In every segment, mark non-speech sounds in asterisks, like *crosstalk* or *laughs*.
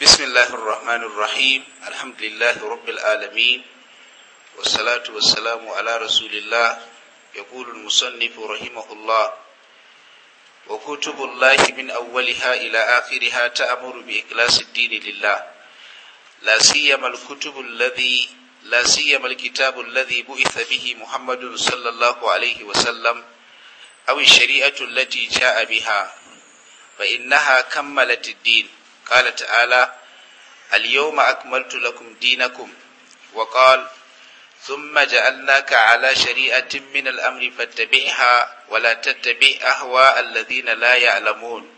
بسم الله الرحمن الرحيم الحمد لله رب العالمين والصلاة والسلام على رسول الله يقول المصنف رحمه الله وكتب الله من أولها إلى آخرها تأمر بإخلاص الدين لله لا سيما الكتب الذي لا سيما الكتاب الذي بعث به محمد صلى الله عليه وسلم أو الشريعة التي جاء بها فإنها كملت الدين قال تعالى اليوم أكملت لكم دينكم وقال ثم جعلناك على شريعة من الأمر فاتبعها ولا تتبع أهواء الذين لا يعلمون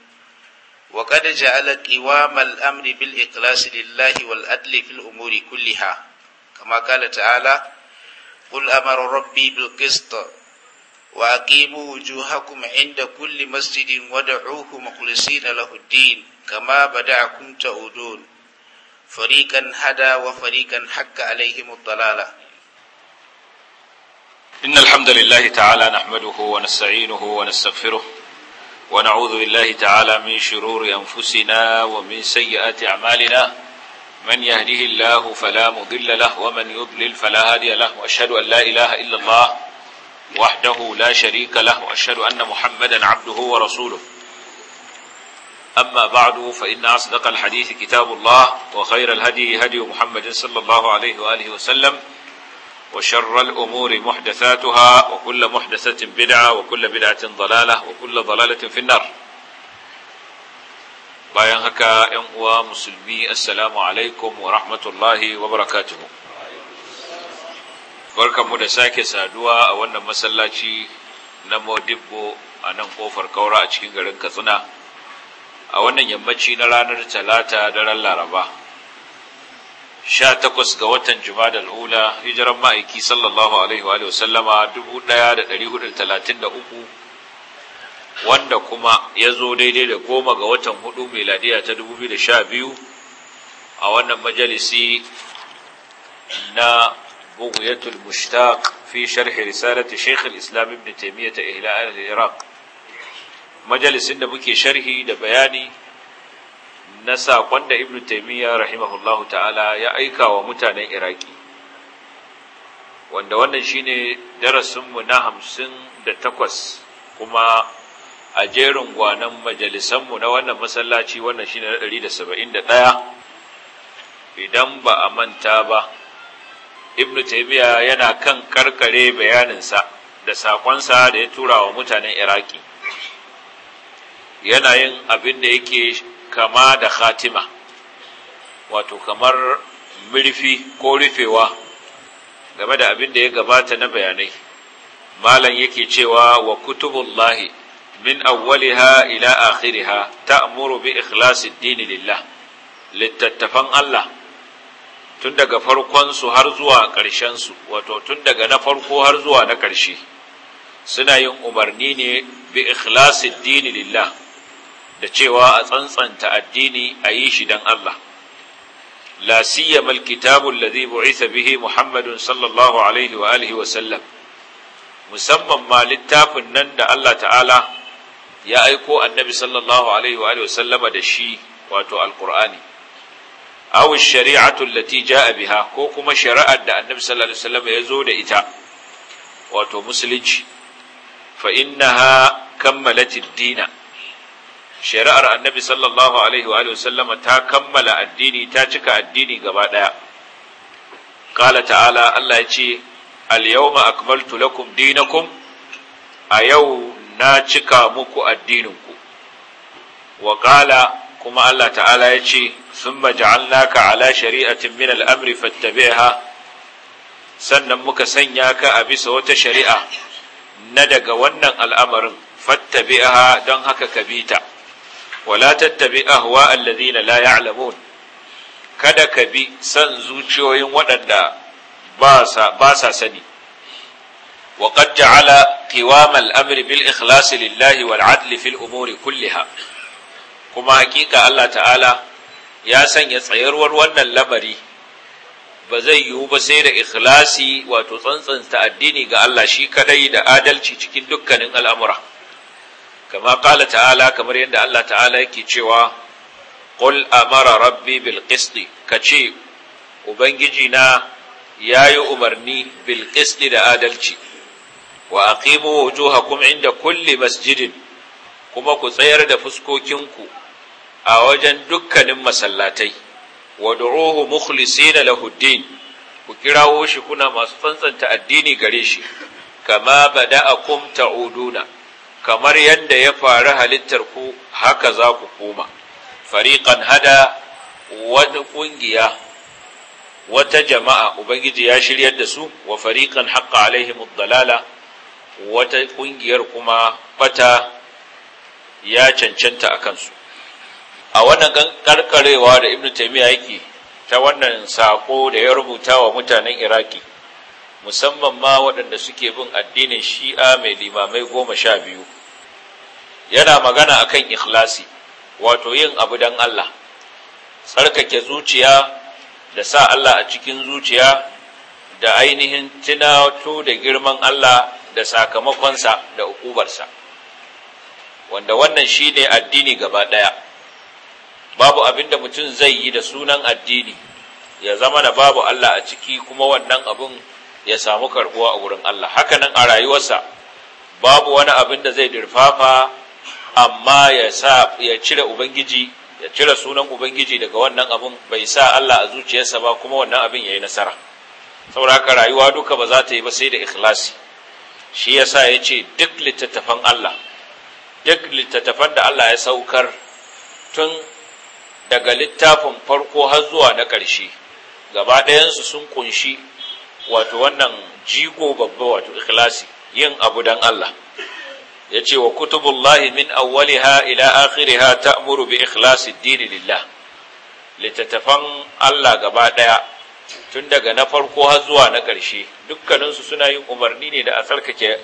وقد جعل قوام الأمر بالإخلاص لله والأدل في الأمور كلها كما قال تعالى قل أمر ربي بالقسط وأقيموا وجوهكم عند كل مسجد ودعوه مخلصين له الدين كما بدعكم تعودون فريقا هدى وفريقا حق عليهم الضلالة إن الحمد لله تعالى نحمده ونستعينه ونستغفره ونعوذ بالله تعالى من شرور أنفسنا ومن سيئات أعمالنا من يهده الله فلا مضل له ومن يضلل فلا هادي له وأشهد أن لا إله إلا الله وحده لا شريك له وأشهد أن محمدا عبده ورسوله أما بعد فإن أصدق الحديث كتاب الله وخير الهدي هدي محمد صلى الله عليه وآله وسلم وشر الأمور محدثاتها وكل محدثة بدعة وكل بدعة ضلالة وكل ضلالة في النار bayan هكا ‘yan السلام عليكم ورحمة الله وبركاته barkanmu da sake saduwa a wannan masallaci na modibbo a nan kofar kaura a cikin garin katsina a wannan yammaci na ranar talata daren laraba sha takwas ga watan jumadal ula hijiran ma'aiki sallallahu alaihi wa sallama dubu ɗaya da wanda kuma ya zo daidai da goma ga watan hudu meladiya ta dubu biyu a wannan majalisi na بغية المشتاق في شرح رسالة شيخ الإسلام ابن تيمية إلى أهل العراق مجلس إن مكي شرحي لبياني نسا قند ابن تيمية رحمه الله تعالى يا أيكا ومتانا إراكي wanda wannan shine darasinmu na hamsin da takwas kuma a jerin gwanan majalisanmu na wannan masallaci wannan shine na da saba'in da ɗaya idan ba a manta ba ibnu taibiya yana kan karkare bayaninsa da sakonsa da ya tura wa mutanen iraki yana yin abin da yake kama da khatima wato kamar mirfi ko rufewa game da abin da ya gabata na bayanai malam yake cewa wa kutubullahi min awwaliha ila akhiriha ta'muru bi ikhlasi ad lillah littattafan Allah tun daga farkonsu har zuwa ƙarshensu wato tun daga na farko har zuwa na ƙarshe suna yin umarni ne bi ikhlasid dini lillah da cewa a tsantsanta addini a yi shi don Allah la siyama alkitabu alladhi bu'itha bihi muhammadun sallallahu alaihi wa alihi wa sallam musamman ma littafin nan da Allah ta'ala ya aiko annabi sallallahu alaihi wa alihi wa sallama da shi wato alqur'ani aw ash-shari'atu allati jaa biha ko kuma shari'ar da annabi sallallahu alaihi ya zo da ita wato musulunci fa innaha kammalat ad-dina shari'ar annabi sallallahu alaihi wa sallama ta kammala addini ta cika addini gaba ɗaya. qala ta'ala Allah ya ce al-yawma akmaltu lakum dinakum a yau na cika muku addininku Wakala kuma Allah ta'ala ya ce thumma ja'alnaka ala shari'atin min al-amri fattabi'ha sannan muka sanya ka a bisa wata shari'a na daga wannan al'amarin fattabi'ha don haka ka bi ta wala tattabi ahwa alladhina la ya'lamun kada ka bi san zuciyoyin waɗanda ba sa sani wa qad ja'ala qiwam al-amri bil ikhlasi lillahi wal 'adli fil umuri kulliha kuma haƙiƙa Allah ta'ala ya sanya tsayarwar wannan lamari ba zai yiwu ba sai da ikhlasi wato tsantsanta addini ga Allah shi kadai da adalci cikin dukkanin al'amura kama ƙala ta'ala kamar yadda Allah ta'ala yake cewa qul amara rabbi bil ka kace ubangiji na yayi umarni bil da adalci wa aqimu wujuhakum inda kulli masjidin kuma ku tsayar da fuskokinku a wajen dukkanin masallatai wad'uhu mukhlisina lahu lahuddin ku kirawo shi kuna masu tsantsanta addini gare shi kama kumta ta'uduna kamar yadda ya faru halittar ku haka za ku koma Fariƙan hada wani ƙungiya wata jama'a ubangiji ya shiryar da su wa fariƙan haƙa alaihim dalala wata ƙungiyar kuma bata ya cancanta a kansu. a wannan karkarewa da ibnu taymiya yake ta wannan sako da ya rubuta wa mutanen iraki musamman ma waɗanda suke bin addinin shi'a mai limamai goma sha biyu yana magana a kan ikhlasi wato yin abu don Allah tsarkake zuciya da sa Allah a cikin zuciya da ainihin tunato da girman Allah da sakamakonsa da ukubarsa wanda wannan shi ne addini gaba ɗaya babu abinda mutum zai yi da sunan addini ya zama na babu Allah a ciki kuma wannan abin ya samu karbuwa a wurin Allah hakanan a rayuwarsa babu wani abin da zai dirfafa amma ya sa ya cire ubangiji ya cire sunan ubangiji daga wannan abin bai sa Allah a zuciyarsa ba kuma wannan abin yayi nasara saboda haka rayuwa duka ba za ta yi ba sai da ikhlasi shi yasa yace duk littattafan Allah duk littattafan da Allah ya saukar tun daga littafin farko har zuwa na ƙarshe gaba ɗayansu sun kunshi wato wannan jigo babba wato ikilasi yin abu dan Allah ya ce wa kutubullahi min ha ila akhiriha ta bi ikhlasi dini lillah littattafan Allah gaba ɗaya tun daga na farko har zuwa na ƙarshe dukkaninsu suna yin umarni ne da a tsarkake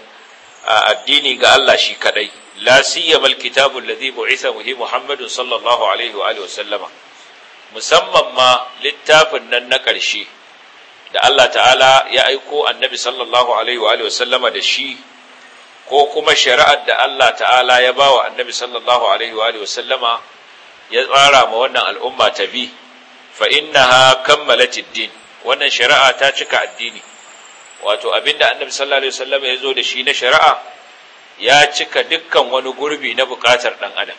A addini ga Allah shi kadai la siyama alkitabu alladhi bu'itha bihi muhammadun sallallahu alaihi wa alihi wa sallama musamman ma littafin nan na ƙarshe da Allah ta'ala ya aiko annabi sallallahu alaihi wa alihi wa sallama da shi ko kuma shari'ar da Allah ta'ala ya bawa annabi sallallahu alaihi wa alihi wa sallama ya tsara ma wannan al'umma ta bi fa innaha kammalat ad-din wannan shari'a ta cika addini wato abinda annabi sallallahu alaihi wasallam ya zo da shi na shari'a ya cika dukkan wani gurbi na bukatar ɗan adam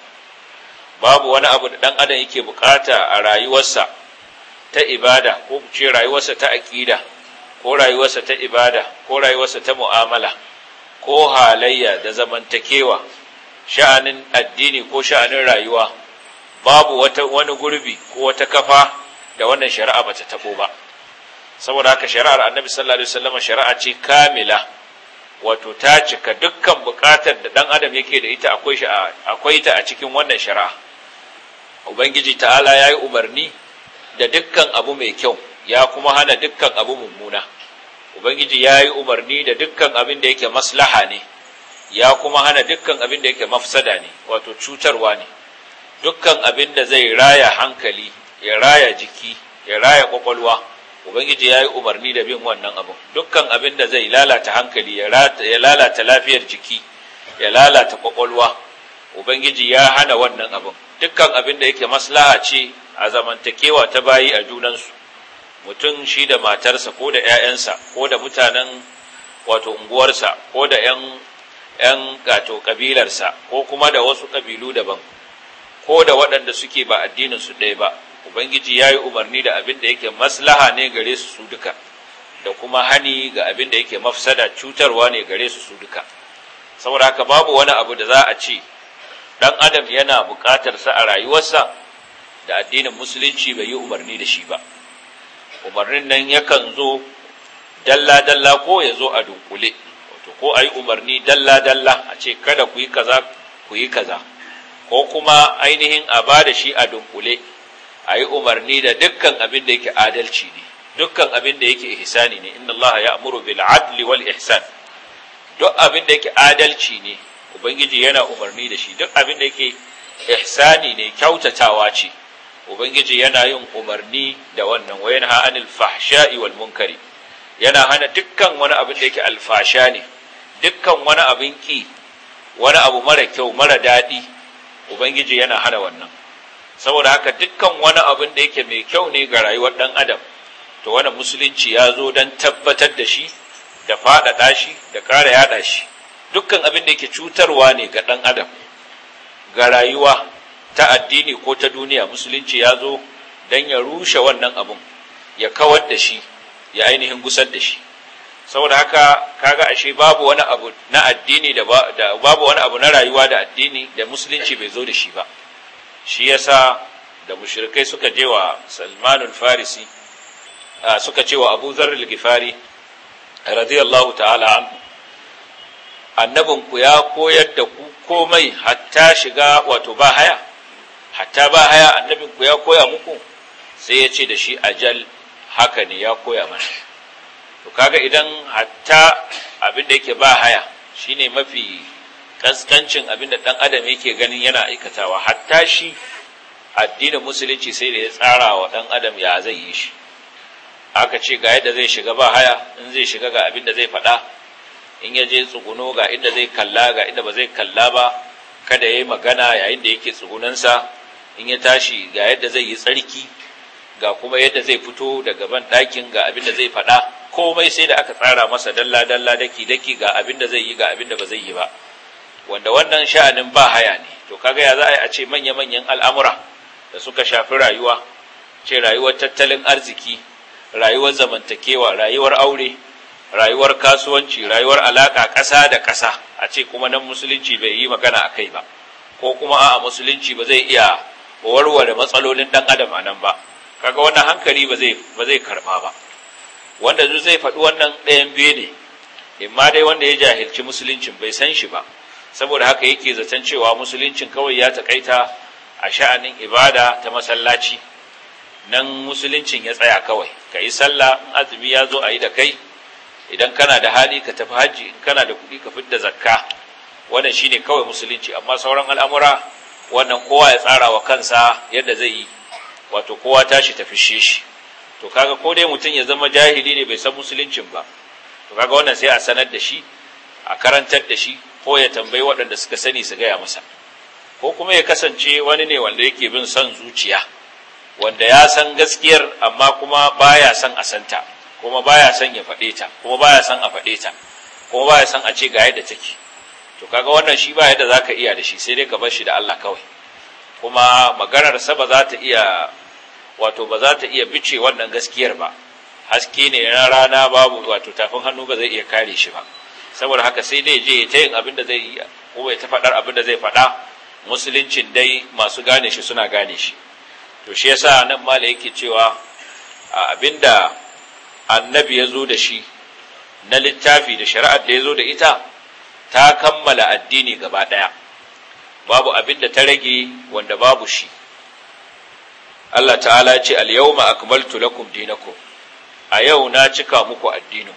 babu wani abu da ɗan adam yake bukata a rayuwarsa ta ibada ko ku ce rayuwarsa ta aqida ko rayuwarsa ta ibada ko rayuwarsa ta mu'amala ko halayya da zamantakewa sha'anin addini ko sha'anin rayuwa babu wata wani gurbi ko wata kafa da wannan shari'a bata tabo ba saboda haka shari'ar annabi sallallahu alaihi wasallam shari'a ce kamila wato ta cika dukkan bukatar da dan adam yake da ita akwai shi akwai ta a cikin wannan shari'a ubangiji ta'ala yayi umarni da dukkan abu mai kyau ya kuma hana dukkan abu mummuna ubangiji yayi umarni da dukkan abin da yake maslaha ne ya kuma hana dukkan abin da yake mafsada ne wato cutarwa ne dukkan abin da zai raya hankali ya raya jiki ya raya kwakwalwa ubangiji ya yi umarni da bin wannan abin dukkan abin da zai lalata hankali ya lalata lafiyar jiki ya lalata kwakwalwa ubangiji ya hana wannan abin dukkan abin da yake maslaha ce a zamantakewa ta bayi a junansu mutum shi da matarsa ko da 'ya'yansa ko da mutanen wato unguwarsa ko da 'yan gato kabilarsa ko kuma da wasu kabilu daban ko da waɗanda suke ba addinin su ɗaya ba ubangiji ya yi umarni da abin da yake maslaha ne gare su su duka da kuma hani ga abin da yake mafsada cutarwa ne gare su su duka saboda haka babu wani abu da za a ce dan adam yana buƙatar sa a rayuwarsa da addinin musulunci bai yi umarni da shi ba umarnin nan yakan zo dalla dalla ko ya zo a dunkule wato ko ayi umarni dalla dalla a ce kada ku yi kaza ku yi kaza ko kuma ainihin a ba da shi a dunkule a yi umarni da dukkan abin da yake adalci ne dukkan abin da yake ihsani ne inna allaha ya'muru bil adli wal ihsan duk abin da yake adalci ne ubangiji yana umarni da shi duk abin da yake ihsani ne kyautatawa ce ubangiji yana yin umarni da wannan wa yanha anil fahsha'i wal munkari yana hana dukkan wani abin da yake alfasha ne dukkan wani abin ki wani abu mara kyau mara daɗi ubangiji yana hana wannan saboda haka dukkan wani abin da yake mai kyau ne ga rayuwar ɗan adam to wani musulunci ya zo don tabbatar da shi da faɗaɗa shi da ƙara yaɗa shi dukkan abin da yake cutarwa ne ga ɗan adam ga rayuwa ta addini ko ta duniya musulunci ya zo don ya rushe wannan abin ya kawar da shi ya ainihin gusar da shi saboda haka ga ashe addini da babu wani abu na rayuwa da addini da musulunci bai zo da shi ba shi yasa da mushrikai suka je wa salmanul farisi suka ce wa abu zarril gifari radiyallahu ta'ala an annabinku ya koyar da ku komai hatta shiga wato ba haya hatta ba haya annabinku ya koya muku sai ya ce da shi ajal haka ne ya koya mana to kaga idan hatta abin da yake ba haya shine mafi kaskancin abin da ɗan adam yake ganin yana aikatawa hatta shi addinin musulunci sai da ya tsara wa ɗan adam ya zai yi shi aka ce ga yadda zai shiga ba haya in zai shiga ga abin da zai faɗa in ya je tsuguno ga inda zai kalla ga inda ba zai kalla ba kada ya yi magana yayin da yake tsugunansa in ya tashi ga yadda zai yi tsarki ga kuma yadda zai fito daga ban ɗakin ga abin da zai faɗa komai sai da aka tsara masa dalla dalla daki daki ga abin da zai yi ga abin da ba zai yi ba wanda wannan sha'anin ba haya ne to kaga ya za a yi a ce manya-manyan al'amura da suka shafi rayuwa ce rayuwar tattalin arziki rayuwar zamantakewa rayuwar aure rayuwar kasuwanci rayuwar alaka ƙasa da ƙasa a ce kuma nan musulunci bai yi magana a kai ba ko kuma a musulunci ba zai iya warware matsalolin ɗan adam a nan ba kaga wannan hankali ba zai karɓa ba wanda zai faɗi wannan ɗayan biyu ne imma dai wanda ya jahilci musuluncin bai san shi ba saboda haka yake zaton cewa musuluncin kawai ya takaita a sha'anin ibada ta masallaci nan musuluncin ya tsaya kawai ka yi sallah in azumi ya zo a yi da kai idan kana da hali ka tafi hajji in kana da kuɗi ka fidda zakka wannan shi ne kawai musulunci amma sauran al'amura wannan kowa ya tsara wa kansa yadda zai yi wato kowa tashi tafi shi to kaga ko dai mutum ya zama jahili ne bai san musuluncin ba to kaga wannan sai a sanar da shi a karantar da shi ko ya tambayi waɗanda suka sani su gaya masa ko kuma ya kasance wani ne wanda yake bin son zuciya wanda ya san gaskiyar amma kuma baya son a santa kuma baya son ya faɗe ta kuma baya son a faɗe ta kuma baya son a ce ga yadda take to kaga wannan shi ba yadda zaka iya da shi sai dai ka bar shi da Allah kawai kuma maganar sa ba za ta iya wato ba za ta iya bice wannan gaskiyar ba haske ne na rana babu wato tafin hannu ba zai iya kare shi ba saboda haka sai dai je ta yin abin da zai yi kuma ya ta faɗar abin da zai faɗa musuluncin dai masu gane shi suna gane shi to shi yasa nan mala yake cewa abinda annabi ya zo da shi na littafi da shari'ar da ya zo da ita ta kammala addini gaba ɗaya babu abin da ta rage wanda babu shi Allah ta'ala ce al-yawma akmaltu lakum dinakum a yau na cika muku addinin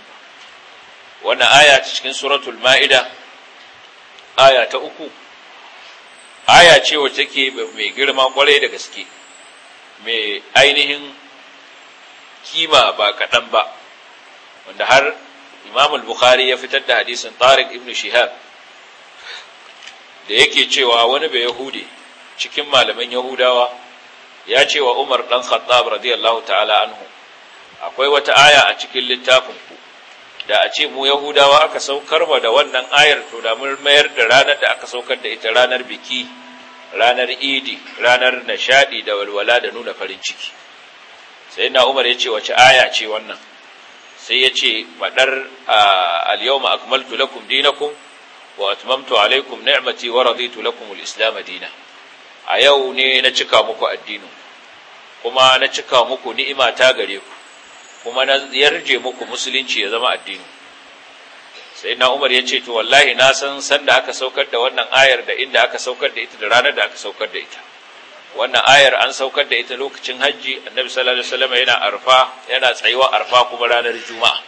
wannan aya cikin suratul ma'ida aya ta uku aya ce wacce take mai girma kwarai da gaske mai ainihin kima ba kaɗan ba wanda har imam bukhari ya fitar da hadisin tariq ibn shihab da yake cewa wani bai yahude cikin malaman yahudawa ya ce wa umar ɗan khattab radiyallahu ta'ala anhu akwai wata aya a cikin littafin da a ce mu yahudawa aka saukar wa da wannan ayar to da mun mayar da ranar da aka saukar da ita ranar biki ranar idi ranar nishadi da walwala da nuna farin ciki sai na umar ya ce wace aya ce wannan sai ya ce madar al-yawma akmaltu lakum dinakum wa atmamtu alaykum ni'mati wa raditu lakum al-islam dinan a yau ne na cika muku addinin kuma na cika muku ni'ima ta gare ku kuma na yarje muku musulunci ya zama addini sai na umar ya ce to wallahi na san sanda aka saukar da wannan ayar da inda aka saukar da ita da ranar da aka saukar da ita wannan ayar an saukar da ita lokacin hajji annabi sallallahu alaihi wasallam yana arfa yana tsayuwa arfa kuma ranar juma'a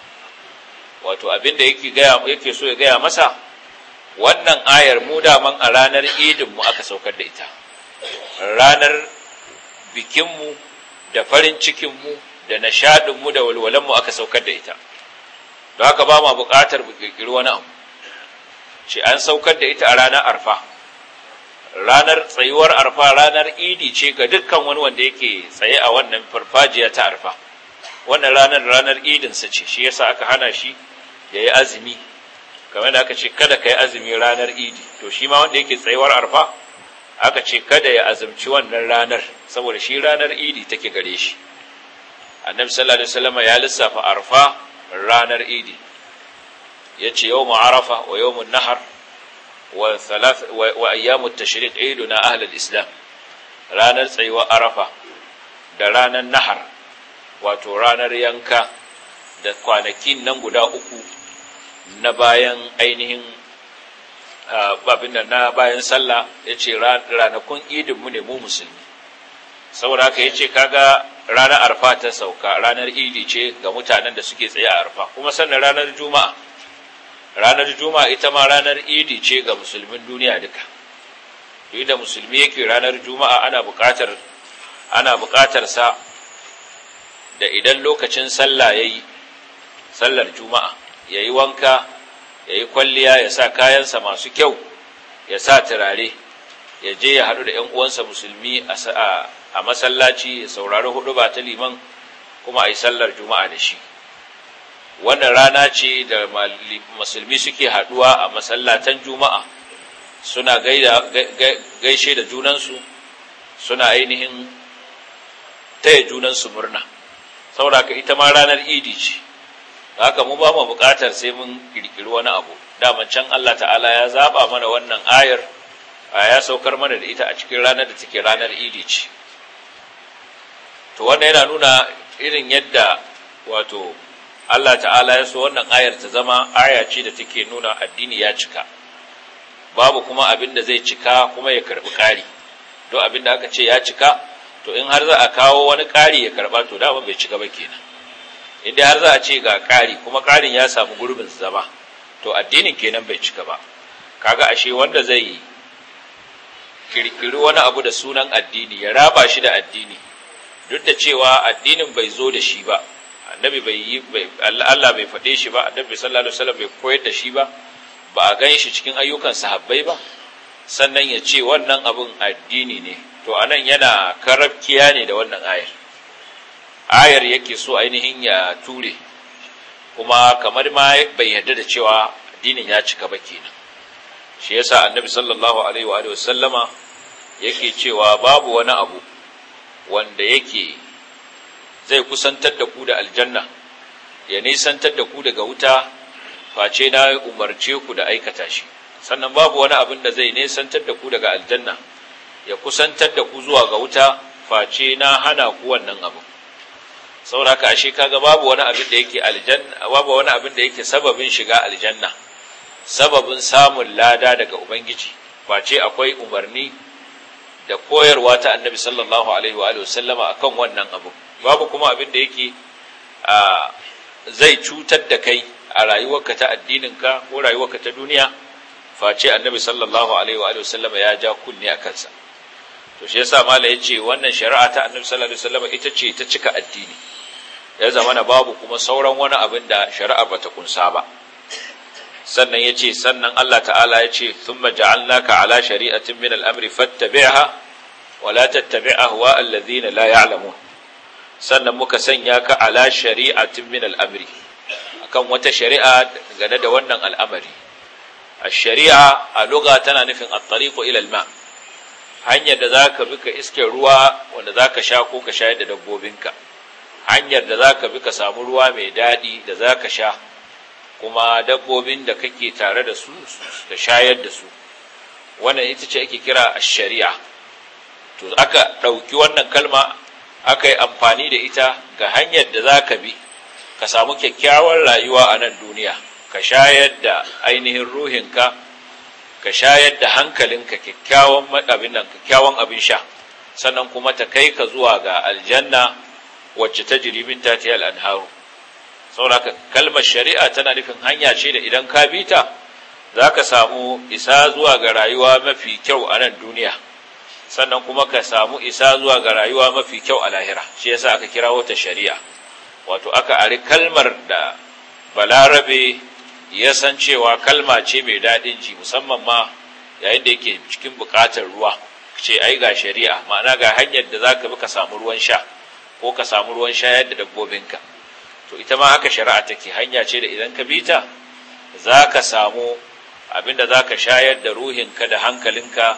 wato abinda yake gaya yake so ya gaya masa wannan ayar mu da man a ranar idin mu aka saukar da ita ranar bikinmu da farin cikinmu da nishadinmu da walwalanmu aka saukar da ita don haka ba ma buƙatar ƙirƙiri wani abu ce an saukar da ita a ranar arfa ranar tsayuwar arfa ranar idi ce ga dukkan wani wanda yake tsaye a wannan farfajiya ta arfa wannan ranar ranar idinsa ce shi yasa aka hana shi ya yi azumi kamar da aka ce kada ka yi azumi ranar idi to shi ma wanda yake tsayuwar arfa aka ce kada ya azumci wannan ranar saboda shi ranar idi take gare shi annabi sallallahu alaihi wasallam ya lissafa arfa ranar idi yace yawmu arafa wa yawmun nahar wa thalath wa ayyamut tashriq iduna ahli islam ranar tsayuwa arafa da ranar nahar wato ranar yanka da kwanakin nan guda uku na bayan ainihin babin da na bayan sallah yace ranakun idin mu ne mu musulmi saboda haka yace kaga ranar arfa ta sauka ranar idi ce ga mutanen da suke tsaye a arfa kuma sannan ranar juma'a ranar juma'a ita ma ranar idi ce ga musulmin duniya duka duk da musulmi yake ranar juma'a ana buƙatar ana buƙatar sa da idan lokacin sallah yayi sallar juma'a yayi wanka yayi kwalliya ya sa kayansa masu kyau ya sa turare ya je ya haɗu da 'yan uwansa musulmi a a masallaci ya saurari hudu ba ta liman kuma a yi sallar juma'a da shi wannan rana ce da musulmi suke haduwa a masallatan juma'a suna gaishe da junansu suna ainihin taya junansu murna sauraka ita ma ranar idi ce haka mu ba mu bukatar sai mun kirkiri wani abu daman can Allah ta'ala ya zaba mana wannan ayar ya saukar mana da ita a cikin ranar da take ranar idi ce to wannan yana nuna irin yadda wato Allah ta'ala ya so wannan ayar ta zama aya ce da take nuna addini ya cika babu kuma abin da zai cika kuma ya karbi ƙari to abin da aka ce ya cika to in har za a kawo wani ƙari ya karba to dama bai cika ba kenan in dai har za a ce ga ƙari kuma ƙarin ya samu gurbin zama to addinin kenan bai cika ba kaga ashe wanda zai kirkiri wani abu da sunan addini ya raba shi da addini duk da cewa addinin bai zo da shi ba annabi bai yi Allah bai faɗe shi ba annabi sallallahu alaihi wasallam bai koyar da shi ba ba a gan shi cikin ayyukan sahabbai ba sannan ya ce wannan abin addini ne to anan yana karabkiya ne da wannan ayar ayar yake so ainihin ya ture kuma kamar ma bai yarda da cewa addinin ya cika ba kenan shi yasa annabi sallallahu alaihi wa sallama yake cewa babu wani abu wanda yake zai kusantar da ku da aljanna ya nisantar da ku daga wuta face na umarce ku da aikata shi sannan babu wani abin da zai nisantar da ku daga aljanna ya kusantar da ku zuwa ga wuta face na hana ku wannan abin saboda haka ashe kaga babu wani abin da yake aljanna babu wani abin da yake sababin shiga aljanna sababin samun lada daga ubangiji face akwai umarni da koyarwa ta annabi sallallahu alaihi wa sallama akan wannan abu babu kuma abin da yake zai cutar da kai a rayuwarka ta addinin ka ko rayuwarka ta duniya face annabi sallallahu alaihi wa sallama ya ja kunni a kansa to shi yasa mala yace wannan shari'a ta annabi sallallahu alaihi sallama ita ce ta cika addini ya zamana babu kuma sauran wani abin da shari'a bata kunsa ba sannan ya ce sannan Allah ta'ala ya ce sun maja'alnaka ala shari'atin min al'amri fattabi'aha wala tattabi'a huwa allazina la ya'lamun sannan muka sanya ka ala shari'atin min al'amri akan wata shari'a gane da wannan al'amari a shari'a a tana nufin a tariqu ila hanyar da zaka bi ka iske ruwa wanda zaka sha ko ka shayar da dabbobinka hanyar da zaka bi ka samu ruwa mai daɗi da za ka sha kuma dabbobin da kake tare da su da shayar da su wannan ita ce ake kira shari'a to aka ɗauki wannan kalma aka yi amfani da ita ga hanyar da za ka bi ka samu kyakkyawar rayuwa a nan duniya ka shayar da ainihin ruhinka ka shayar da hankalinka kyakkyawan abin nan kyakkyawan abin sha sannan kuma ta kai ka zuwa ga aljanna wacce ta jiribin ta ta saboda kalmar shari'a tana nufin hanya ce da idan ka bi ta za ka samu isa zuwa ga rayuwa mafi kyau a nan duniya sannan kuma ka samu isa zuwa ga rayuwa mafi kyau a lahira shi yasa aka kira wata shari'a wato aka ari kalmar da balarabe ya san cewa kalma ce mai daɗin ji musamman ma yayin da yake cikin buƙatar ruwa ce ai ga shari'a ma'ana ga hanyar da za ka bi ka samu ruwan sha ko ka samu ruwan sha yadda dabbobinka to ita ma haka shari'a take hanya ce da idan ka bita za ka samu abinda za ka shayar da ruhinka da hankalinka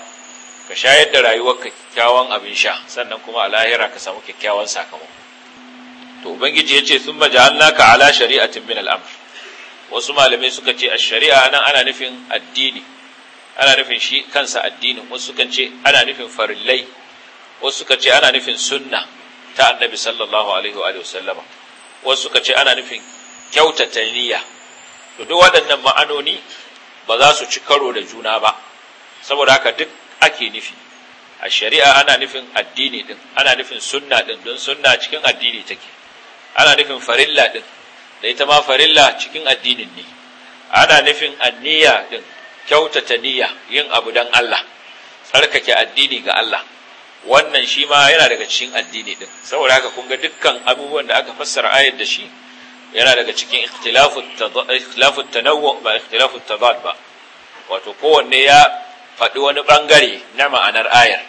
ka shayar da rayuwarka kyakkyawan abin sha sannan kuma a lahira ka samu kyakkyawan sakamako to ubangiji ya ce sun maja'allaka ala shari'atin min al'amr wasu malamai suka ce a shari'a nan ana nufin addini ana nufin shi kansa addini. wasu suka ce ana nufin farillai wasu suka ce ana nufin sunna ta annabi sallallahu alaihi wa sallama wasu suka ce ana nufin kyautata niyya to duk waɗannan ma'anoni ba za su ci karo da juna ba saboda haka duk ake nufi a shari'a ana nufin addini din ana nufin sunna din don sunna cikin addini take ana nufin farilla din da ita ma farilla cikin addinin ne ana nufin anniya din kyautata niyya yin abu don Allah tsarkake addini ga Allah wannan shi ma yana daga cikin addini din saboda haka kun ga dukkan abubuwan da aka fassara ayar da shi yana daga cikin ikhtilafut tanawwu ba ikhtilafut tadad ba wato kowanne ya faɗi wani bangare na ma'anar ayar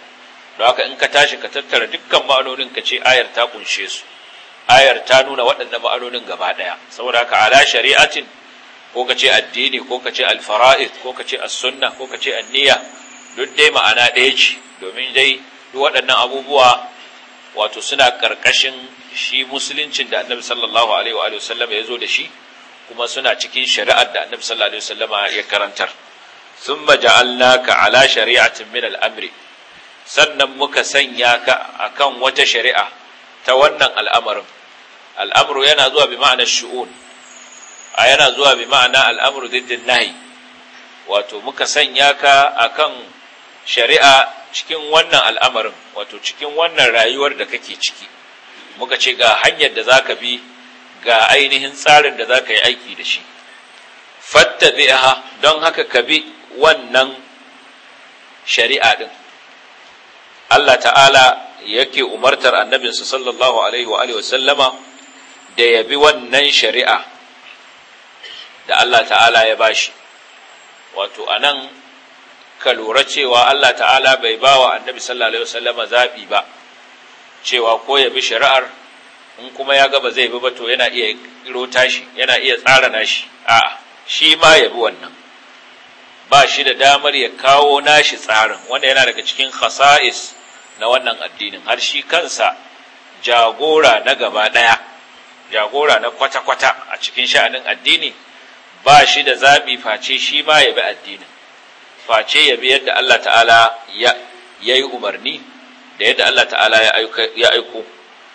don haka in ka tashi ka tattara dukkan ma'anonin ka ce ayar ta kunshe su ayar ta nuna waɗannan ma'anonin gaba ɗaya saboda haka ala shari'atin ko ka ce addini ko ka ce alfara'id ko ka ce as-sunna ko ka ce an-niyya duk dai ma'ana ɗaya ce domin dai duk waɗannan abubuwa wato suna ƙarƙashin shi musuluncin da annabi sallallahu alaihi wa sallam ya zo da shi kuma suna cikin shari'ar da annabi sallallahu alaihi wa sallama ya karantar thumma ja'alnaka ala shari'atin min al sannan muka sanya ka akan wata shari'a ta wannan al'amarin al'amru yana zuwa bi ma'anar shu'un a yana zuwa bi ma'ana al'amru diddin nahi wato muka sanya ka akan shari'a cikin wannan al'amarin wato cikin wannan rayuwar da kake ciki muka ce ga hanyar da za ka bi ga ainihin tsarin da za ka yi aiki da shi fatta biha don haka ka bi wannan shari'a ɗin Allah ta'ala yake umartar annabinsa sallallahu alaihi wa wasallama da ya bi wannan shari'a da Allah ta'ala ya bashi wato a nan. ka lura cewa Allah ta'ala bai ba wa annabi sallallahu alaihi wasallama zaɓi ba cewa ko ya bi shari'ar in kuma ya ga ba zai bi ba to yana iya rota tashi yana iya tsara nashi a'a shi ma ya bi wannan ba shi da damar ya kawo nashi tsarin wanda yana daga cikin khasa'is na wannan addinin har shi kansa jagora na gaba ɗaya jagora na kwata-kwata a cikin sha'anin addini ba shi da zaɓi face shi ma ya bi addinin face ya bi yadda Allah ta'ala ya yi umarni da yadda Allah ta'ala ya aiko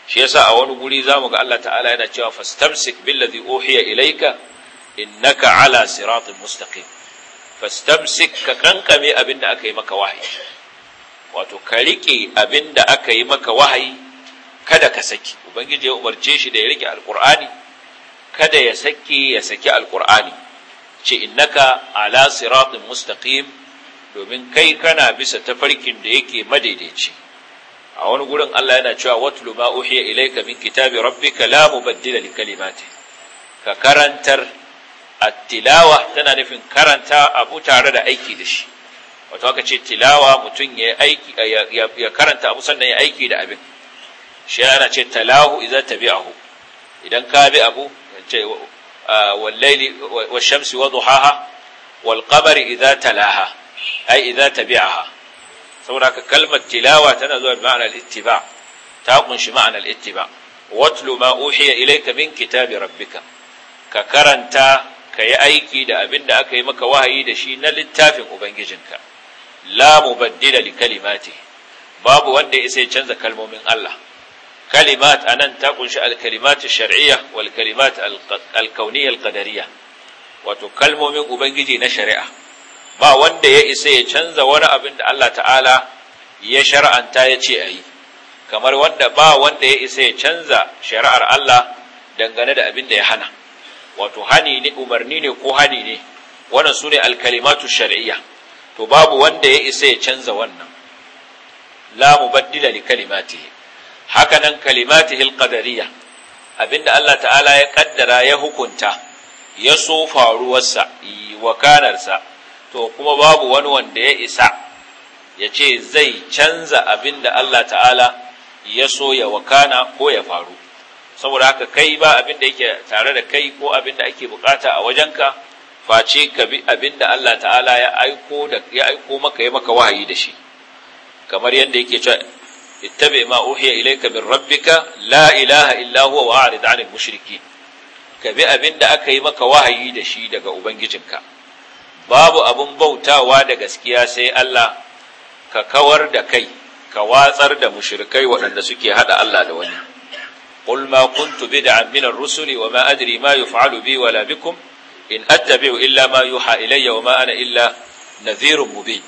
shi yasa a wani guri zamu ga Allah ta'ala yana cewa fastamsik billazi uhiya ilayka innaka ala siratin mustaqim fastamsik ka kankame abinda aka yi maka wahayi wato ka rike abinda aka yi maka wahayi kada ka saki ubangiji ya umarce shi da ya rike alqur'ani kada ya saki ya saki alqur'ani ce innaka ala siratin mustaqim domin kai kana bisa tafarkin da yake madaidaici a wani gurin Allah yana cewa watlu ma uhiya ilayka min kitabi rabbika la mubaddila li kalimati ka karantar at-tilawa tana nufin karanta abu tare da aiki da shi wato aka ce tilawa mutum ya aiki ya karanta abu sannan ya aiki da abin shi yana ce talahu idza tabi'ahu idan ka bi abu ce wal layli wash shamsi wa duhaha wal qamari idza talaha ai idza tabi'aha saboda ka kalmar tilawa tana zuwa bi ma'anar ittiba ta kunshi ma'anar ittiba watlu ma uhiya ilayka min kitabi rabbika ka karanta ka yi aiki da abin da aka yi maka wahayi da shi na littafin ubangijinka la mubaddila li kalimati babu wanda ya canza kalmomin Allah kalimat anan ta kunshi al-kalimat ash-shar'iyya wal kalimat al al-qadariyya wato kalmomin ubangiji na shari'a ba wanda ya isa ya canza wani abin da Allah ta'ala ya shar'anta ya ce a yi kamar wanda ba wanda ya isa ya canza shari'ar Allah dangane da abin da ya hana wato hani ne umarni ne ko hani ne wannan su ne alkalimatu shari'iyya to babu wanda ya isa ya canza wannan la baddila li kalimatihi haka nan kalimatihi Abin da Allah ta'ala ya ƙaddara ya hukunta ya so faruwarsa wakanarsa to kuma babu wani wanda ya isa ya ce zai canza abin da Allah ta'ala ya so ya wakana ko ya faru saboda haka kai ba abin da yake tare da kai ko abin da ake bukata a wajenka face ka bi abin da Allah ta'ala ya aiko da ya aiko maka ya maka wahayi da shi kamar yadda yake cewa ittabi ma uhiya ilayka min rabbika la ilaha illa huwa wa'rid 'anil mushrikeen ka bi abin da aka yi maka wahayi da shi daga ubangijinka babu abin bautawa da gaskiya sai Allah ka kawar da kai ka watsar da mushrikai waɗanda suke hada Allah da wani qul ma kuntu bid'an min ar-rusuli wa ma adri ma yuf'alu bi wala bikum in attabi'u illa ma yuha ilayya wa ma ana illa nadhirun mubin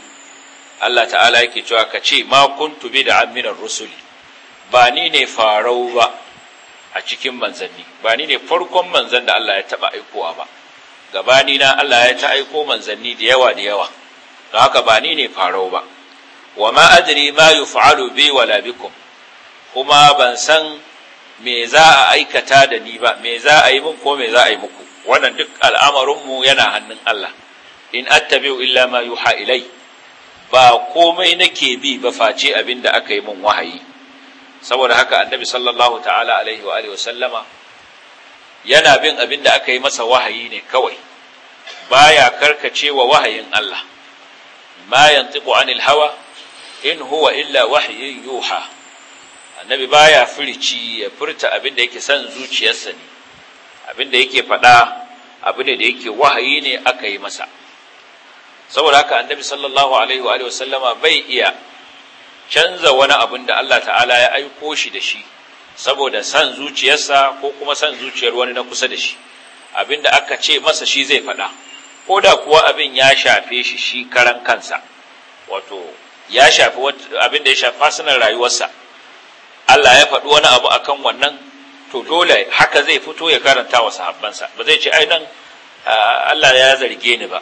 Allah ta'ala yake cewa ka ce ma kuntu bid'an min ar-rusuli ba ni ne farau ba a cikin manzanni ba ni ne farkon manzan da Allah ya taba aikowa ba gabani na Allah ya ta aiko manzanni da yawa da yawa Da haka ba ni ne farau ba wa ma adri ma yuf'alu bi wala bikum kuma ban san me za a aikata da ni ba me za a yi min ko me za a yi muku wannan duk al'amarinmu yana hannun Allah in attabi'u illa ma yuha ilai ba komai nake bi ba face abinda aka yi min wahayi saboda haka annabi sallallahu ta'ala alaihi wa alihi wa sallama yana bin abin da aka yi masa wahayi ne kawai baya karkace wa wahayin Allah ma yantiqu anil hawa in huwa illa wahyin yuha annabi baya furici ya furta abin da yake san zuciyarsa ne abin da yake faɗa abin da yake wahayi ne aka yi masa saboda haka annabi sallallahu alaihi wa sallama bai iya canza wani abin da Allah ta'ala ya aiko shi da shi saboda san zuciyarsa ko kuma san zuciyar wani na kusa da shi abinda aka ce masa shi zai faɗa ko da kuwa abin ya shafe shi shi karan kansa wato ya shafi abin da ya shafi fasinan rayuwarsa Allah ya faɗi wani abu akan wannan to dole haka zai fito ya karanta wa sahabbansa ba zai ce ai nan Allah ya zarge ni ba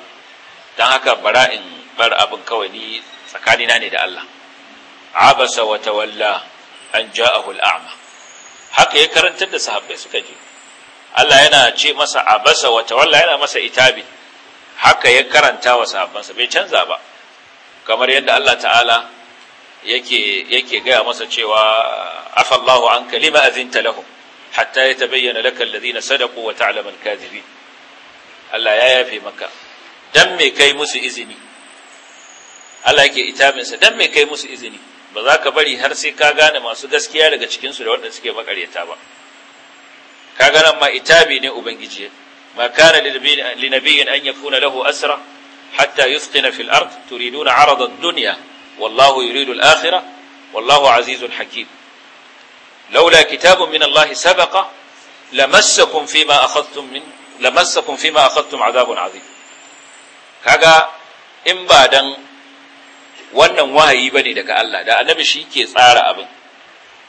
don haka bara in bar abin kawai ni tsakanina ne da Allah abasa wa tawalla an ja'ahu al'ama haka ya karantar da sahabbai suka je Allah yana ce masa abasa wata walla yana masa itabi haka ya karanta wa sahabbansa bai canza ba kamar yadda Allah ta'ala yake yake gaya masa cewa afallahu an kalima azinta lahum hatta yatabayyana laka alladhina sadaqu wa ta'lamu al-kadhibin Allah ya yafe maka dan me kai musu izini Allah yake sa, dan me kai musu izini ba za ka bari har sai ka gane masu gaskiya daga cikinsu da waɗanda suke makaryata ba ka ganan ma itabi ne ubangiji ma kana linabiyin an yakuna lahu asra hatta yusqina fil ard turiduna arada ad-dunya wallahu yuridu al-akhirah wallahu azizun hakim laula kitabun min Allah sabaqa lamassakum fima akhadhtum min lamassakum fima akhadhtum adhabun azim kaga in ba dan wannan wahayi ne daga Allah da annabi shi ke tsara abin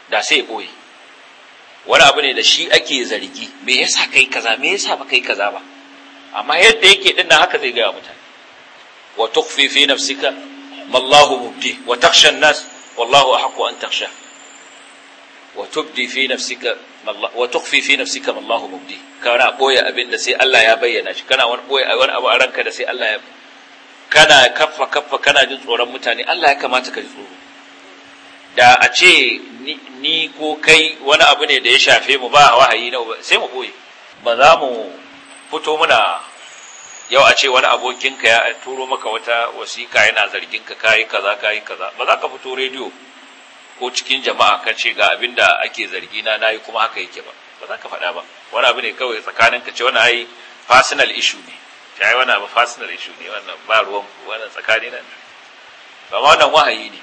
da sai boye wani abu ne da shi ake zargi me yasa kai kaza me yasa ba kai kaza ba amma yadda yake din haka zai ga mutane wa tukhfi fi nafsika mallahu mubdi wa takhsha an-nas wallahu ahqqu an takhsha wa tubdi fi nafsika wa tukhfi fi nafsika mallahu mubdi kana boye abin da sai Allah ya bayyana shi kana wani boye wani abu a ranka da sai Allah ya bayyana. kana kaffa kaffa kana jin tsoron mutane Allah ya kamata ka ji tsoro da a ce ni ko kai wani abu ne da ya shafe mu ba wahayi na sai mu boye ba za mu fito muna yau a ce wani abokinka ya turo maka wata wasiƙa yana zargin ka kai kaza kai kaza ba za ka fito rediyo ko cikin jama'a ka ce ga abinda ake zargi na nayi kuma haka yake ba ba za ka faɗa ba wani abu ne kawai tsakaninka ce wani ai personal issue ne ta yi wani abu personal wannan ba wannan tsakani nan wannan wahayi ne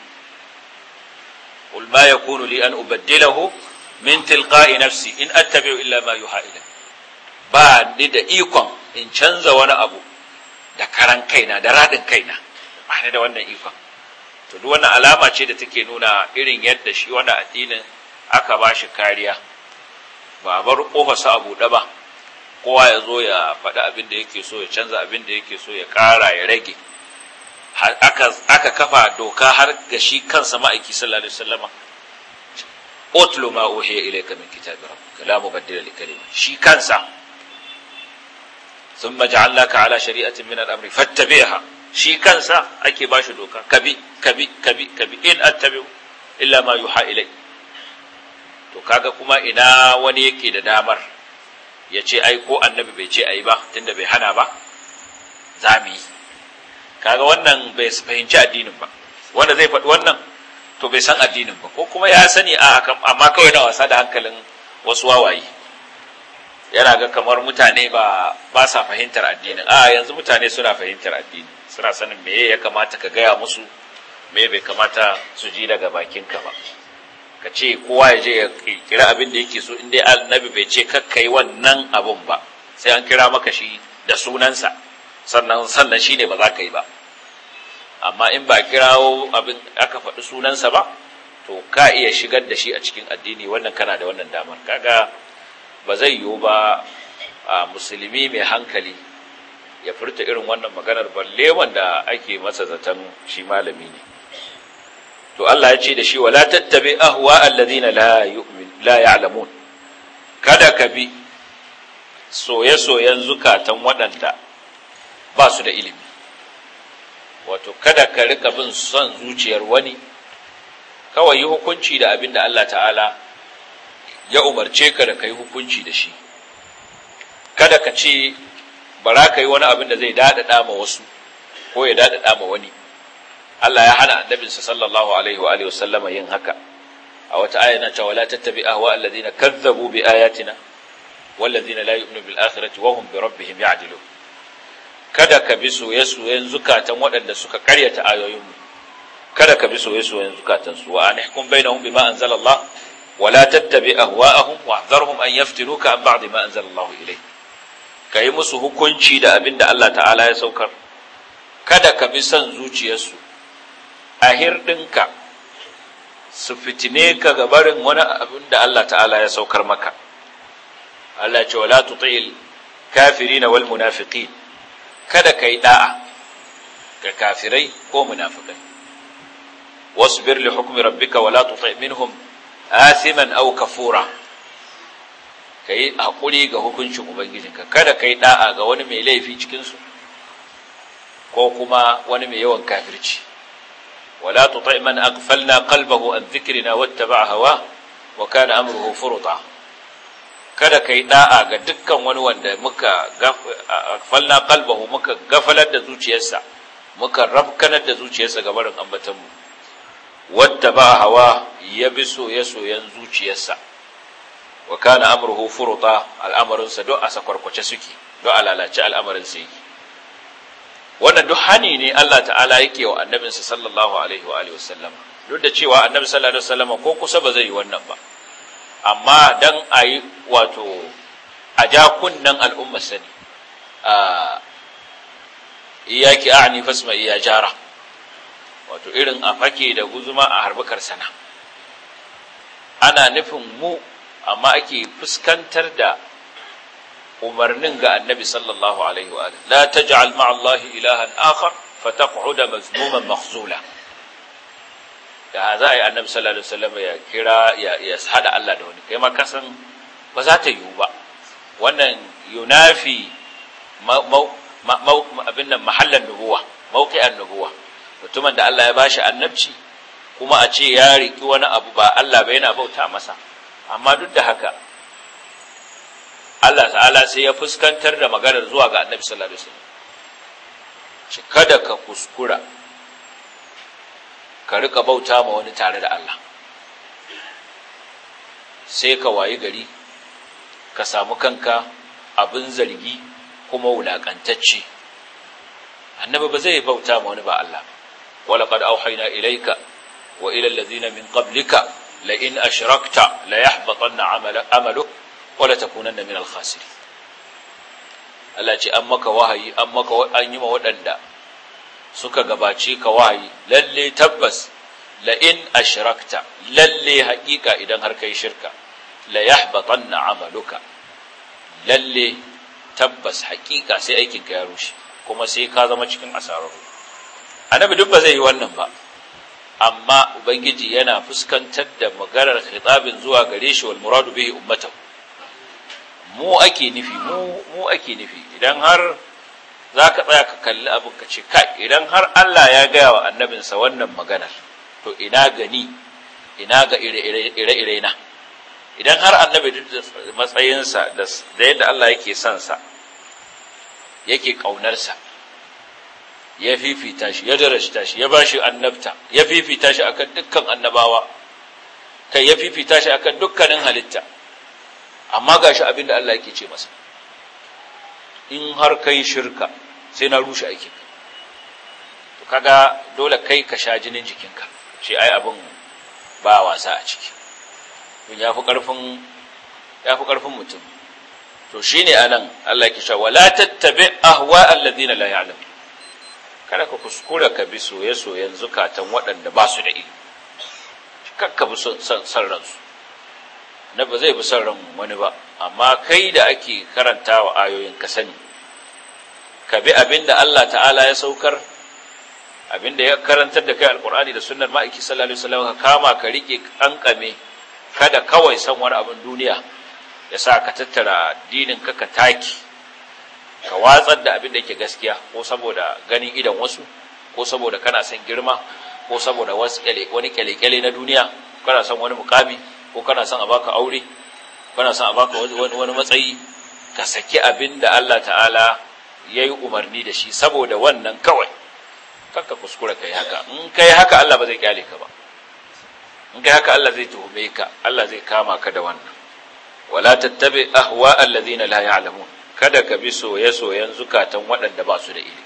qul ma yakunu li an ubaddilahu min tilqa'i nafsi in attabi'u illa ma yuha ba ni da ikon in canza wani abu da karan kaina da radin kaina ba ni da wannan ikon to duk wannan alama ce da take nuna irin yadda shi wannan addinin aka ba shi kariya ba a bar kofarsa a buɗe ba kowa ya zo ya faɗi abin da yake so ya canza abin da yake so ya ƙara ya rage aka kafa doka har ga shi kansa ma'aiki sallallahu alaihi wasallama otlo ma uhiya ilayka min kitabi rabbika la mubaddila li kalimati shi kansa thumma ja'alnaka ala shari'atin min al-amri fattabi'ha shi kansa ake bashi doka kabi kabi kabi kabi in attabi'u illa ma yuha ha'ilai? to kaga kuma ina wani yake da damar ya ce ai ko annabi bai ce ai ba tunda bai hana ba za mu yi kaga wannan bai fahimci addinin ba wanda zai faɗi wannan to bai san addinin ba ko kuma ya sani a hakan amma kawai na wasa da hankalin wasu wawaye yana ga kamar mutane ba ba sa fahimtar addinin a yanzu mutane suna fahimtar addini suna sanin me ya kamata ka gaya musu me bai kamata su ji daga bakinka ba ka ce kowa ya je ya kira abin da yake so in dai annabi bai ce kakkai wannan abun ba sai an kira maka shi da sunansa sannan sannan shi ne ba za ka yi ba amma in ba kirawo abin aka faɗi sunansa ba to ka iya shigar da shi a cikin addini wannan kana da wannan damar kaga ba zai yiwu ba a musulmi mai hankali ya furta irin wannan maganar balle wanda ake masa zaton shi malami ne to Allah ya ce da shi wala tattabi ahwa alladhina la yu'min la ya'lamun kada ka bi soye-soyen zukatan waɗanda ba su da ilimi wato kada ka rika bin son zuciyar wani kawai yi hukunci da abin da Allah ta'ala ya umarce ka da ka yi hukunci da shi kada ka ce bara ka yi wani abin da zai daɗaɗa ma wasu ko ya daɗaɗa ma wani Allah ya hana annabinsa sallallahu alaihi wa alihi wasallama yin haka a wata aya na cewa la tattabi ahwa alladhina kazzabu bi ayatina ladina la yu'minu bil akhirati wa hum bi rabbihim ya'dilun kada ka bi soye-soyen zukatan waɗanda suka karyata ayoyinmu kada ka bi soye-soyen zukatan su wa an hukum bainahum bima anzalallah wa la tattabi ahwa'ahum wa ahdharhum an yaftinuka an ba'd ma anzalallahu ilayk kai musu hukunci da abinda Allah ta'ala ya saukar kada ka bi son zuciyarsu a hirɗinka su fitine ka ga barin wani abin da Allah ta'ala ya saukar maka Allah ce wala tuti'il kafirina wal munafiqin kada kai da'a ga kafirai ko munafikai wasbir li hukmi rabbika wala tuti' minhum athiman aw kafura kai hakuri ga hukuncin ubangijinka kada kai da'a ga wani mai laifi cikin su ko kuma wani mai yawan kafirci ولا تطع من أغفلنا قلبه عن ذكرنا واتبع هواه وكان أمره فرطا kada kai da'a ga dukkan wani wanda muka gafalna qalbahu muka gafalar da zuciyarsa muka rafkanar da zuciyarsa ga barin ambatan mu wadda ba hawa ya bi so soyen zuciyarsa wa kana amruhu furuta al'amarinsa duk a sakwarkwace suke duk a lalace al'amarin sa yake wannan duk hani ne Allah ta'ala yake wa annabinsa sallallahu alaihi wa alihi wasallam duk da cewa annabi sallallahu alaihi wasallam ko kusa ba zai yi wannan ba amma dan ayi wato a ja kunnan al'umma sani a iyaki a'ni fasma iya jara wato irin a fake da guzuma a harbakar sana ana nufin mu amma ake fuskantar da umarnin ga annabi sallallahu alaihi wa alihi la taj'al ma'a Allah ilahan akhar fataq'uda mazmuman makhzula da za a yi annabi sallallahu alaihi wasallam ya kira ya hada Allah da wani kai ma kasan ba za ta yiwu ba wannan yunafi abin nan mahallan nubuwa mawqi'an nubuwa mutumin da Allah ya bashi annabci kuma a ce ya riki wani abu ba Allah ba yana bauta masa amma duk da haka Allah ta'ala sai ya fuskantar da maganar zuwa ga annabi sallallahu alaihi wasallam kada ka kuskura ka rika bauta ma wani tare da Allah sai ka wayi gari ka samu kanka abin zargi kuma wulakantacce annabi ba zai bauta ma wani ba Allah wa laqad auhayna ilayka wa ila allazina min qablika la in ashrakta la yahbatanna amaluka wala takunanna min al-khasirin Allah ce an maka wahayi an maka an yi ma waɗanda suka gabace ka wahayi lalle tabbas la in ashrakta lalle haƙiƙa idan har kai shirka la yahbatanna amaluka lalle tabbas haƙiƙa sai aikin ka ya rushe kuma sai ka zama cikin asararu annabi duk ba zai yi wannan ba amma ubangiji yana fuskantar da maganar khitabin zuwa gare shi wal muradu bihi ummatahu mu ake nufi mu ake nufi idan har za ka tsaya ka kalli abin ka ce kai idan har Allah ya gaya wa annabinsa wannan maganar to ina gani ina ga ire-ire na idan har annabi duk da matsayinsa da yadda Allah yake son sa yake ƙaunarsa ya fifita shi ya darasta shi ya bashi annabta ya fifita shi akan dukkan annabawa kai ya fifita shi akan dukkanin halitta amma gashi abin da Allah yake ce masa in har kai shirka sai na rushe aikinka to kaga dole kai ka sha jinin jikinka shi ai abin ba wasa a ciki don yafi karfin yafi mutum to shine anan Allah yake cewa wala tattabi ahwa alladhina la ya'lam kada ka kuskura ka bi soye-soyen zukatan waɗanda ba su da ilimi kakka bi son ransu na ba zai fi son ran wani ba amma kai da ake karanta wa ayoyin ka sani ka bi abin da Allah ta'ala ya saukar abin da ya karantar da kai alkur'ani da sunnar ma'aiki sallallahu alaihi wasallam ka kama ka rike kankame kada kawai san wani abin duniya ya sa ka tattara dinin ka ka taki ka watsar da abin da yake gaskiya ko saboda ganin idan wasu ko saboda kana son girma ko saboda wani kyale-kyale na duniya kana son wani mukami ko kana son a baka aure kana son a baka wani matsayi ka saki abin da Allah ta'ala ya yi umarni da shi saboda wannan kawai kakka kuskura ka yi haka in ka yi haka Allah ba zai kyale ka ba in ka yi haka Allah zai tuhume ka Allah zai kama ka da wannan wala tattabi ahwa alladhina la ya'lamun kada ka bi soye-soyen zukatan waɗanda ba su da ilimi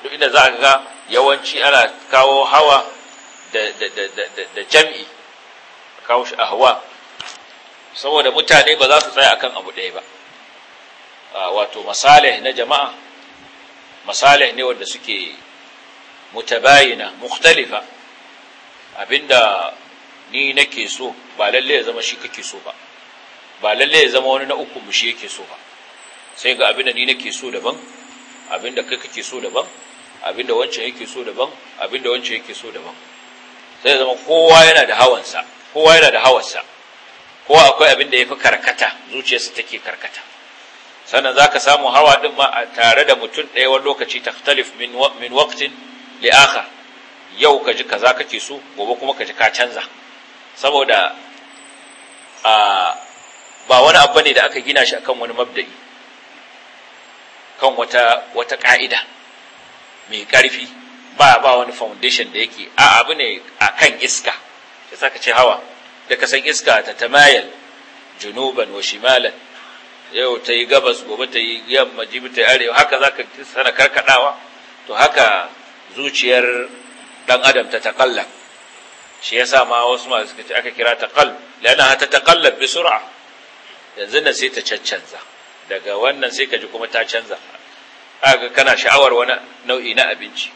duk inda za ka ga yawanci ana kawo hawa da jam'i kawo shi ahwa saboda mutane ba za su tsaya akan abu ɗaya ba wato masalih na jama'a masalih ne wanda suke mutabayina mukhtalifa abinda ni nake so ba lalle ya zama shi kake so ba ba lalle ya zama wani na uku mu shi yake so ba sai ga abinda ni nake so daban abinda kai kake so daban abinda wancan yake so daban abinda wancan yake so daban sai zama kowa yana da hawansa kowa yana da hawarsa Ko akwai abin da ya fi karkata zuciyarsa take karkata sannan za ka samu hawa ɗin ma a tare da mutum ɗaya wani lokaci takhtalif min waqtin li akhar yau ka ji kaza kake so gobe kuma ka ji ka canza saboda ba wani abu ne da aka gina shi akan wani mabda'i kan wata wata ka'ida mai ƙarfi ba ba wani foundation da yake a abu ne kan iska ya ka ce hawa da ka san iska ta tamayal junuban wa shimalan yau ta yi gabas gobe ta yi yamma jibi ta arewa haka za ka sana karkadawa to haka zuciyar dan adam ta taƙallab shi ya sa ma wasu masu suka ce aka kira taƙallab lana ta taƙallab bi sur'a yanzu nan sai ta caccanza daga wannan sai ka ji kuma ta canza ga kana sha'awar wani nau'i na abinci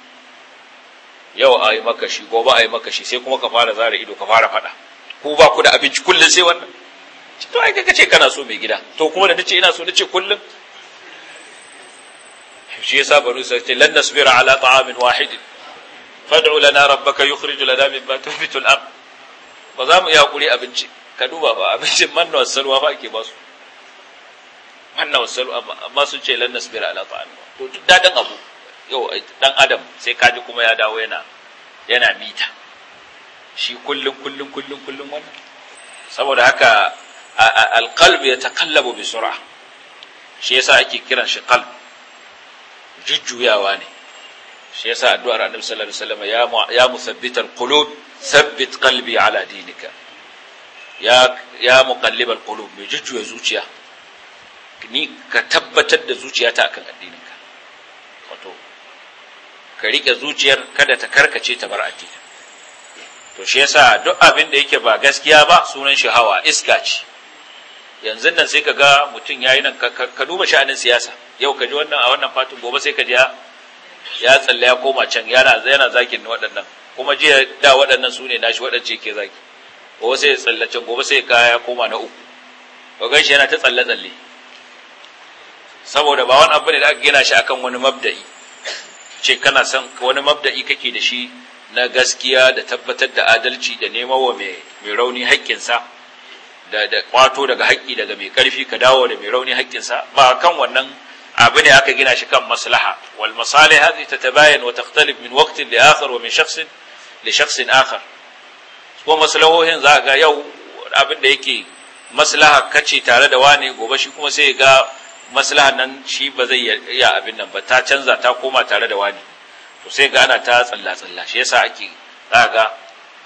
yau a yi maka shi gobe a yi maka shi sai kuma ka fara zara ido ka fara faɗa ko ba ku da abinci kullum sai wannan ce to ai ka ce kana so mai gida to kuma da nace ina so nace kullum shi yasa banu sai ce lan nasbira ala ta'amin wahid fad'u lana rabbaka yukhrij lana mimma tunbitu al-ard ba za mu iya hakuri abinci ka duba ba abincin manna wasalwa ba ake ba su manna wasalwa amma sun ce lan nasbira ala ta'amin to duk dadan abu yau eh, dan adam sai kaji kuma ya dawo yana yana mita shi kullun kullun kullun kullun wannan saboda haka alqalb yataqallabu bi sur'a shi yasa ake kiran shi qalb jujjuyawa ne shi yasa addu'ar annabi sallallahu alaihi wasallam ya ya musabbital qulub thabbit qalbi ala dinika ya ya muqallibal qulub mai jujjuya zuciya ni ka tabbatar da zuciyata akan addini ka riƙe zuciyar kada ta karkace ta bar addini to shi yasa duk abin da yake ba gaskiya ba sunan shi hawa iska ce yanzu nan sai ka ga mutum yayi nan ka duba sha'anin siyasa yau ka ji wannan a wannan fatin gobe sai ka ji ya tsalle ya koma can yana yana zakin waɗannan kuma jiya da waɗannan su ne nashi waɗance ke zaki gobe sai ya tsalle can gobe sai ka ya koma na uku ga shi yana ta tsalle tsalle saboda ba wani abu ne da aka gina shi akan wani mabda'i ce kana son wani mabda'i kake da shi na gaskiya da tabbatar da adalci da nema wa mai rauni haƙƙinsa da da kwato daga haƙƙi daga mai ƙarfi ka dawo da mai rauni haƙƙinsa ba kan wannan abu ne aka gina shi kan maslaha wal masalih hadhi tatabayan wa takhtalif min waqtin li akhar wa min shakhsin li shakhsin akhar ko maslahohin za ga yau abin da yake maslaha kace tare da wani gobe shi kuma sai ga Maslaha nan shi ba zai iya abin nan ba ta canza ta koma tare da wani to sai ga ana ta tsalla tsalla shi yasa ake ga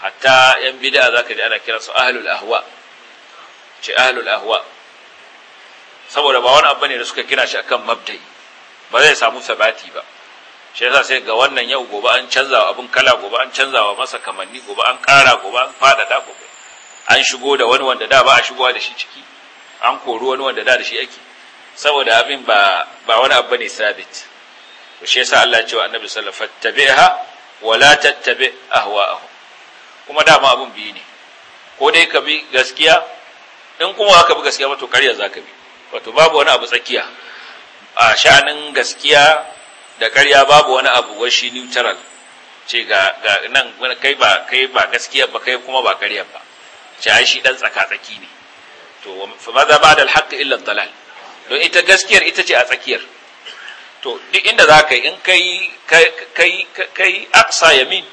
hatta yan bid'a zaka ji ana kiran su ahlul ahwa ce ahlul ahwa saboda ba wani abu ne da suka kira shi akan mabdai ba zai samu sabati ba shi yasa sai ga wannan yau gobe an canza wa abin kala gobe an canza wa masa kamanni gobe an kara gobe an fadada gobe an shigo da wani wanda da ba a shigowa da shi ciki an kori wani wanda da da shi yake saboda abin ba ba wani abu ne sabit to shi yasa Allah ya ce wa annabi sallallahu alaihi wasallam tabi'ha wa la tattabi ahwa'ahum kuma dama abin biyu ne ko dai ka bi gaskiya in kuma aka bi gaskiya to ƙarya za ka bi wato babu wani abu tsakiya a shanin gaskiya da ƙarya babu wani abu washi neutral ce ga ga nan kai ba kai ba gaskiya ba kai kuma ba ƙarya ba ce ai shi dan tsaka tsaki ne to fa maza ba'da al-haqq illa dalal don ita gaskiyar ita ce a tsakiyar to duk inda za ka yi in kai yi aksa yamin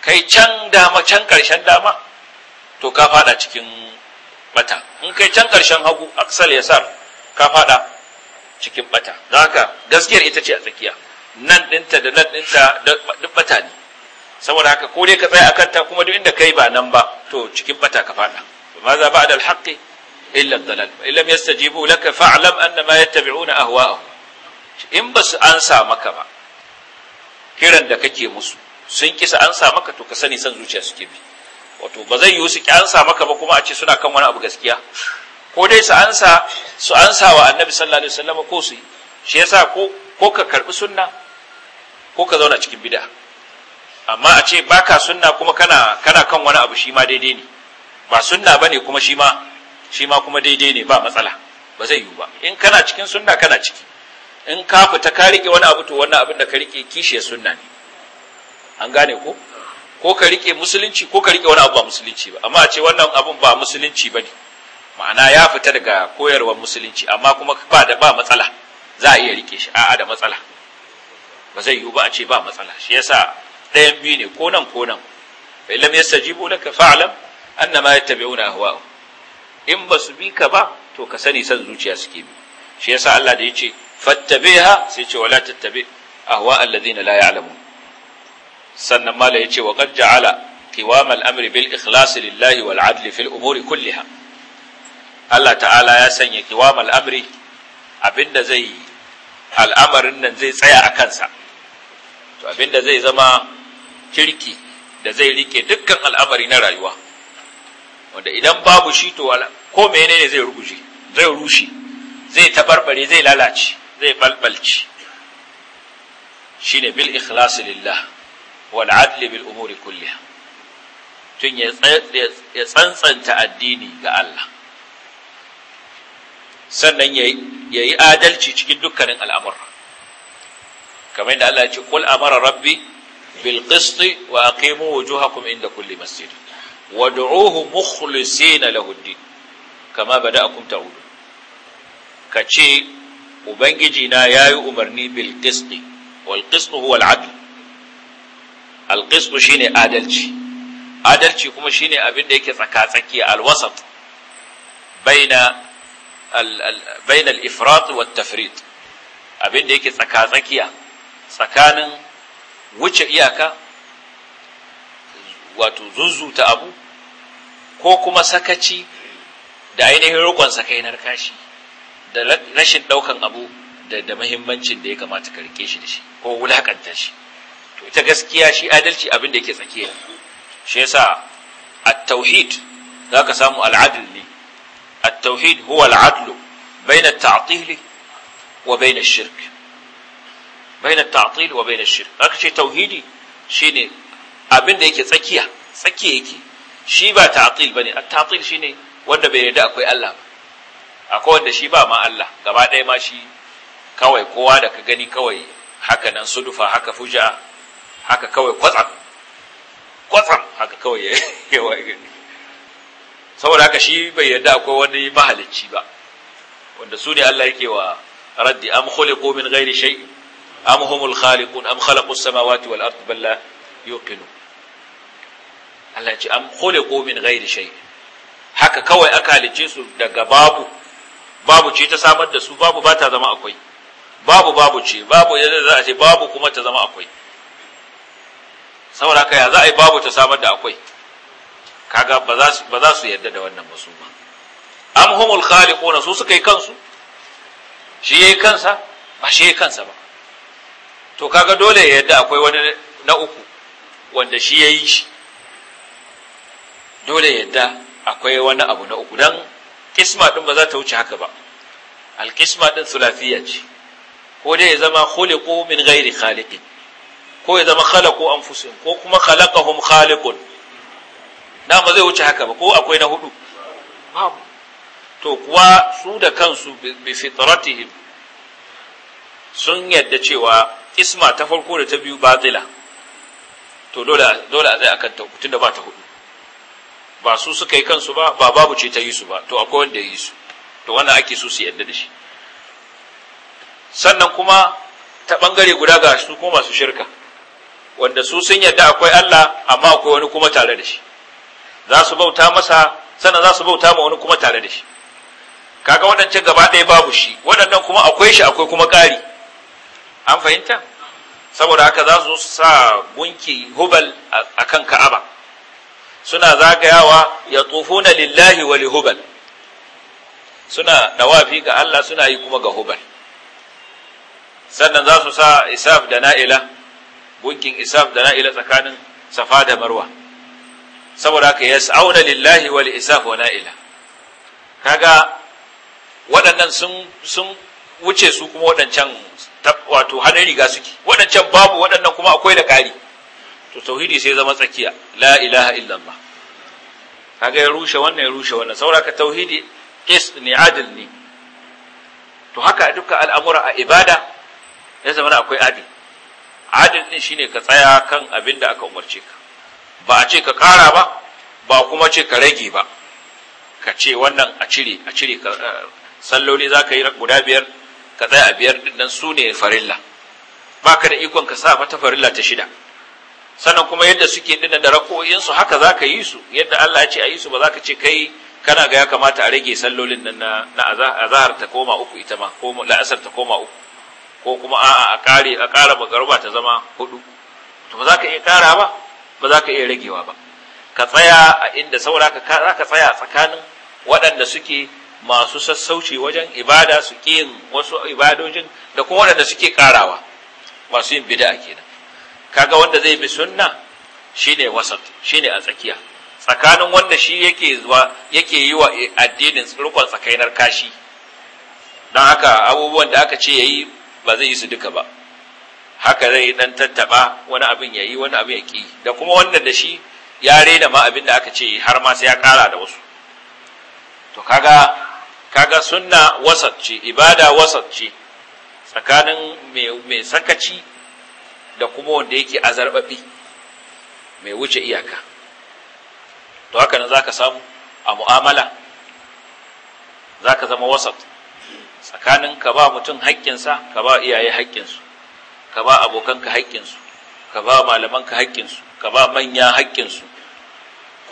kai can dama can ƙarshen dama to ka fada cikin bata in kai can ƙarshen hagu aksal yasar ka fada cikin bata don haka gaskiyar ita ce a tsakiya nan ɗinta da nan ɗinta duk bata ne saboda haka ko dai ka tsaya akan ta kuma duk inda kai ba nan ba to cikin bata ka fada Ba za ba da alhaƙi illa dalal in lam yastajibu laka fa'lam annama yattabi'una ahwa'ahum in ba su ansa maka ba kiran da kake musu sun kisa ansa maka to ka sani san zuciya suke bi wato ba zai yiwu su ansa maka ba kuma a ce suna kan wani abu gaskiya ko dai su ansa wa annabi sallallahu alaihi wasallam ko su shi yasa ko ko ka karbi sunna ko ka zauna cikin bid'a amma a ce baka sunna kuma kana kan wani abu shi ma daidai ne ba sunna ne kuma shi ma shi ma kuma daidai ne ba matsala ba zai yiwu ba in kana cikin sunna kana ciki in ka fita ka rike wani abu to wannan abin da ka rike kishiyar sunna ne an gane ko ko ka rike musulunci ko ka rike wani abu ba musulunci ba amma a ce wannan abun ba musulunci ba ne ma'ana ya fita daga koyarwar musulunci amma kuma ba da ba matsala za a iya rike shi a'a da matsala ba zai yiwu ba a ce ba matsala shi yasa ɗayan biyu ne ko nan ko nan fa illam yastajibu laka fa'lam annama yattabi'una ahwa'ahum in ba su bi ka ba to ka sani san zuciya suke bi shi yasa Allah da yace fattabiha sai ce wala tattabi ahwa alladhina la yalamu. sannan mala yace wa qad ja'ala qiwam al-amri bil ikhlas lillahi wal 'adli fil umuri kulliha Allah ta'ala ya sanya qiwam al-amri abinda zai al'amarin nan zai tsaya a kansa to abinda zai zama kirki da zai rike dukkan al'amari na rayuwa wanda idan babu shi to ko menene zai ruguje zai rushe zai tabarbare zai lalace zai balbalci shine bil ikhlas lillah wal adl bil umuri kulliha tun ya tsantsanta addini ga Allah sannan ya yi adalci cikin dukkanin al'amurra kamar yadda Allah ya ce qul amara rabbi bil qisti wa aqimu wujuhakum inda kulli masjid wad'uhu mukhlisina lahu ddin kama bada'akum ta'udu kace ubangiji na yayi umarni bil qist wal qist huwa al adl al qist shine adalci adalci kuma shine abin da yake tsaka al wasat baina al-ifrat wa tafrit abin da yake tsakatsakiya tsakiya tsakanin wuce iyaka wato zuzzuta abu ko kuma sakaci da ainihin kai sakai narkashi da rashin ɗaukan abu da da mahimmancin da ya kamata ka rike shi da shi ko wulakanta shi to ita gaskiya shi adalci abin da yake tsakiya shi yasa at-tauhid zaka samu al-adl ne at-tauhid huwa al-adl bayna at-ta'til wa bayna ash-shirk bayna at-ta'til wa bayna ash-shirk zaka ce tauhidi shine abin da yake tsakiya tsakiya yake shi ba ta'til bane at-ta'til shine wanda bai yarda akwai Allah ba akwai wanda shi ba ma Allah gaba ɗaya ma shi kawai kowa da ka gani kawai haka nan sudufa haka fuja haka kawai kwatsam kwatsam haka kawai ya *laughs* yi gani saboda haka shi bai yarda akwai wani mahalicci ba wanda su ne Allah yake wa raddi am khuliqu min ghairi shay'in am humul khaliqun am khalaqu as-samawati wal ardi bal yuqinu Allah ya ce am khuliqu min ghairi shay haka kawai aka halice su daga babu babu ce ta samar da su babu ba ta zama akwai babu babu ce babu yadda za a ce babu kuma ta zama akwai saboda haka ya za a yi babu ta samar da akwai kaga ba za su yarda da wannan musu ba am humul khaliquna su suka yi kansu shi yayi kansa ba shi yayi kansa ba to kaga dole ya yarda akwai wani na uku wanda shi ya yi shi dole yadda akwai wani abu na uku don kisma ɗin ba za ta wuce haka ba alkisma ɗin sulafiya ce ko dai ya zama khuliqu min ghairi khaliqin ko ya zama khalaqu anfusihim ko kuma khalaqahum khaliqun na ba zai wuce haka ba ko akwai na hudu babu to kuwa su da kansu bi fitratihim sun yadda cewa isma ta farko da ta biyu batila to dole a zai akan ta uku tunda ba ta hudu ba su suka yi kansu ba ba babu ce ta yi su ba to akwai wanda ya yi su to wannan ake so su yadda da shi sannan kuma ta bangare guda ga su kuma masu shirka wanda su sun yadda akwai Allah amma akwai wani kuma tare da shi za su bauta masa sannan za su bauta ma wani kuma tare da shi kaga waɗancan gaba ɗaya babu shi waɗannan kuma akwai shi akwai kuma ƙari an fahimta saboda haka za su sa gunki hubal a kan ka'aba suna zagayawa ya tufuna lillahi wa li hubal suna dawafi ga Allah suna yi kuma ga hubal sannan za su sa isaf da na'ila gunkin isaf da na'ila tsakanin safa da marwa saboda haka auna lillahi wa li isaf wa na'ila kaga waɗannan sun wuce su kuma waɗancan wato hannun riga suke waɗancan babu waɗannan kuma akwai da kari to tauhidi sai zama tsakiya la ilaha illallah kaga ya rushe wannan ya rushe wannan sauraka tauhidi qist ne adil ne to haka duka al'amura a ibada ya zama akwai adil adil din shine ka tsaya kan abin da aka umarce ka ba a ce ka kara ba ba kuma ce ka rage ba ka ce wannan a cire a cire eh, salloli za ka yi guda biyar ka tsaya a biyar din nan su ne farilla Ba ka da ikon ka sa mata farilla ta shida sannan kuma yadda suke dinnan da rako'in su haka ka yi su yadda Allah ya ce a yi su ba za ka ce kai kana ga ya kamata a rage sallolin nan na na azhar ta koma uku ita ma ko la'asar ta koma uku ko kuma a'a a kare a kara magarba ta zama hudu to ba za ka iya kara ba ba za ka iya ragewa ba ka tsaya a inda saura ka za ka tsaya tsakanin waɗanda suke masu sassauci wajen ibada su yin wasu ibadojin da kuma waɗanda suke karawa masu yin bid'a kenan kaga wanda zai bi sunna shine wasat shine a tsakiya tsakanin wanda shi yake zuwa yake yi wa addinin rukun tsakainar kashi don haka abubuwan da aka ce yayi ba zai yi su duka ba haka zai dan tattaba wani abin yayi wani abin ya ki da kuma wanda da shi ya rena ma abin da aka ce har ma sai ya kara da wasu to kaga kaga sunna wasat ce ibada wasat ce tsakanin mai sakaci da kuma wanda yake azarbabi mai wuce iyaka to haka nan zaka samu a mu'amala zaka zama wasat tsakanin ka ba mutum haƙƙinsa ka ba iyaye haƙƙinsu ka ba abokanka haƙƙinsu ka ba malamanka haƙƙinsu ka ba manya haƙƙinsu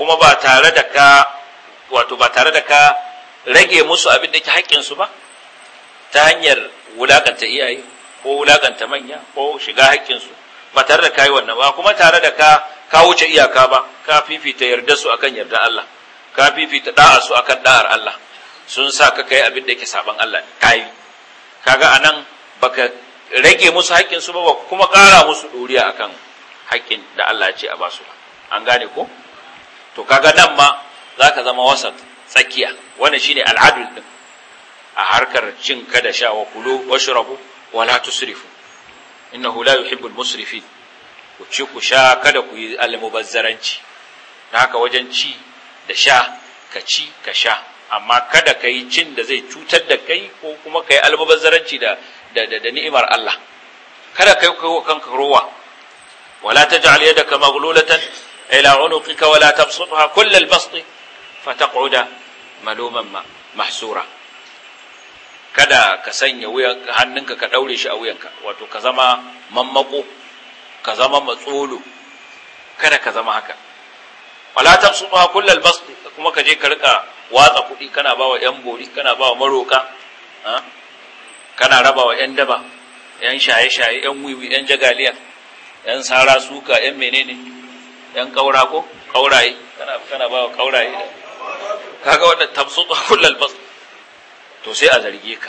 kuma ba tare da ka wato ba tare da ka rage musu abin da ke haƙƙinsu ba ta hanyar wulaƙanta iyaye ko wulaƙanta manya ko shiga haƙƙinsu ba tare da kayi wannan ba kuma tare da ka ka wuce iyaka ba ka fifita yarda su akan yarda Allah ka fifita da'a su akan da'ar Allah sun sa ka kai abin da yake saban Allah kai kaga anan baka rage musu haƙƙin su ba kuma ƙara musu duriya akan haƙƙin da Allah ya ce a basu an gane ko to kaga nan ma zaka zama wasat tsakiya wannan shine al'adul din a harkar cin kada sha wa kulu washrabu wa la tusrifu innahu la yuhibbul musrifin ku ci ku sha kada ku yi almubazzaranci haka wajen ci da sha ka ci ka sha amma kada ka yi cin da zai cutar da kai ko kuma ka yi almubazzaranci da da ni'imar Allah kada ka yi kanka rowa wala taj'al yadaka maghlulatan ila unuqika wala tabsutha kull al-basti fataq'uda maluman mahsura kada ka sanya hannunka ka daure shi a wuyanka wato ka zama mammako ka zama matsolo kada ka zama haka wala tabsuha kullal basd kuma ka je ka rika watsa kuɗi kana bawa yan bori kana bawa maroka kana wa yan daba yan shaye-shaye yan wiwi yan jagaliya yan sara suka yan menene yan kaura ko kauraye kana kana bawa kauraye kaga wannan tamsutu *laughs* kullal bas to sai a zarge ka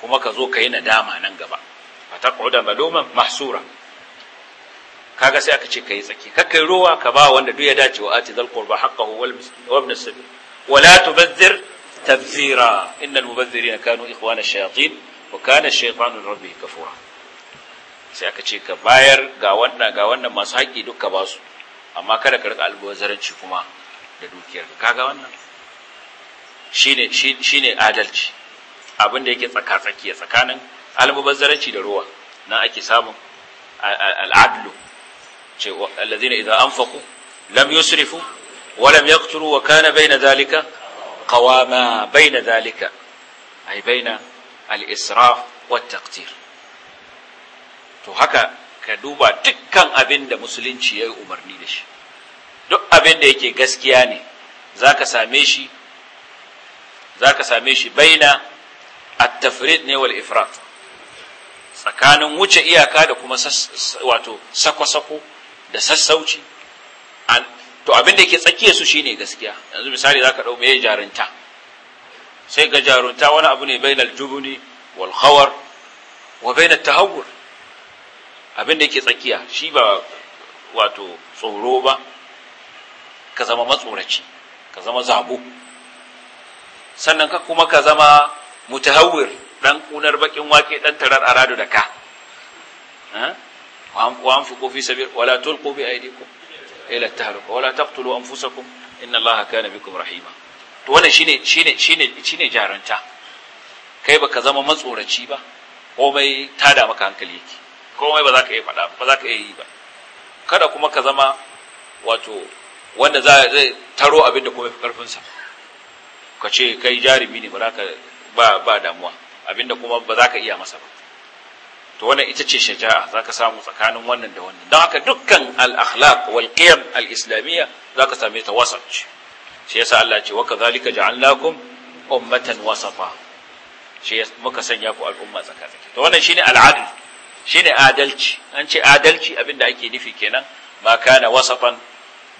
kuma ka zo ka yi nadama nan gaba fa taquda maluman mahsura kaga sai aka ce kai tsaki Ka kai ruwa ka ba wanda duk ya dace wa ati zal qurba haqqahu wal miskin wa ibn sabil wa la tubazzir tabzira innal mubazzirina kanu ikhwana shayatin wa kana shaytanu rabbi kafura sai aka ce ka bayar ga wannan ga wannan masu haƙi duk ka ba su amma kada ka rika albazaranci kuma da dukiyar kaga wannan shine shine adalci abin da yake tsaka tsakiya tsakanin almubazzaranci da ruwa nan ake samu al'adlu ce allazina idza anfaqu lam yusrifu wa lam yaqturu wa kana bayna zalika qawama bayna zalika ay bayna al-israf wa taqtir to haka ka duba dukkan abin da musulunci ya yi umarni da shi duk abin da yake gaskiya ne za ka same shi za ka same shi baina at-tafrid ne wal ifrat tsakanin wuce iyaka da kuma wato sako-sako da sassauci to abin da ke tsakiya su shine gaskiya yanzu misali zaka ɗau meye jarunta sai ga jarunta wani abu ne bainal jubuni wal khawar wa baina tahawwur abin da yake tsakiya shi ba wato tsoro ba ka zama matsoraci ka zama zabo sannan ka kuma ka zama mutahawwir dan kunar bakin wake dan tarar aradu da ka wa anfiqu fi sabil wala tulqu bi aydikum ila tahluka wala taqtulu anfusakum inna allaha kana bikum rahima to wannan shine shine shine shine jaranta kai baka zama matsoraci ba komai tada maka hankali yake komai ba za ka yi faɗa ba za ka yi ba kada kuma ka zama wato wanda za zai taro abin da kuma fi sa ka ce kai jarumi ne ba ba ba damuwa abinda kuma ba za ka iya masa ba to wannan ita ce shaja'a za ka samu tsakanin wannan da wannan don haka dukkan al-akhlaq wal qiyam al-islamiyya za ka same ta wasat shi yasa Allah ce wa kadhalika ja'alnakum ummatan wasafa shi muka sanya ku al'umma tsakatsaki to wannan shine al-adl shine adalci an ce adalci abinda ake nufi kenan ma kana wasafan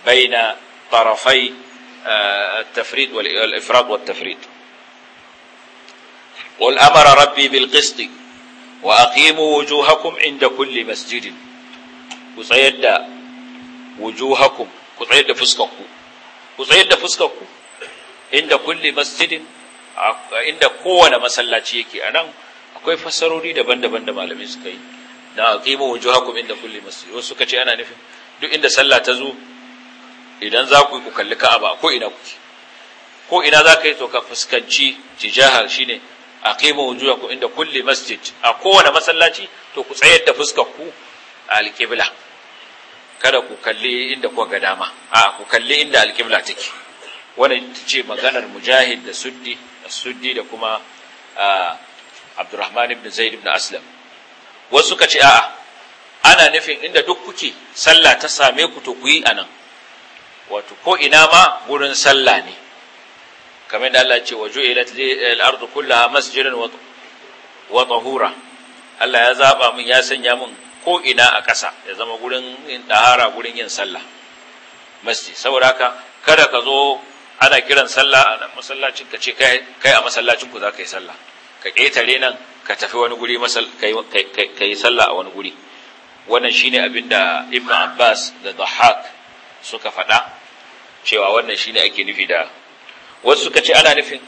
baina tarafai آه، التفريد والإفراد والتفريد قل أمر ربي بالقسط وأقيموا وجوهكم عند كل مسجد وسيد وجوهكم وسيد فسككم وسيد فسككم عند كل مسجد عند قوة مسلاتيكي أنا أكوي فسروا daban-daban da malamai لم يسكي da aqimu wujuhakum inda kulli masjid wasu kace ana nufin duk inda sallah idan za ku yi ku kalli ka'aba ko ina kuke ko ina za ka yi to ka fuskanci tijahar shine aqimu ku, inda kulle masjid a kowane masallaci to ku tsayar da fuskar ku alƙibla. kada ku kalli inda ku ga dama a ku kalli inda alqibla take wannan ce maganar mujahid da suddi da suddi da kuma abdurrahman ibn zaid ibn aslam wasu ka ce a'a ana nufin inda duk kuke sallah ta same ku to ku yi anan wato ko ina ma gurin sallah ne kamar da Allah ce wa ju'ilat lil ardu kullaha masjidan wa tahura Allah ya zaba min ya sanya min ko ina a ƙasa ya zama gurin yin dahara gurin yin sallah masjid saboda haka kada ka zo ana kiran sallah a masallacin ka ce kai a masallacin ku za ka yi sallah ka ƙetare nan ka tafi wani guri ka yi sallah a wani guri wannan shine abin da ibn abbas da dhahak suka faɗa cewa wannan shine ake nufi da wasu suka ce ana nufin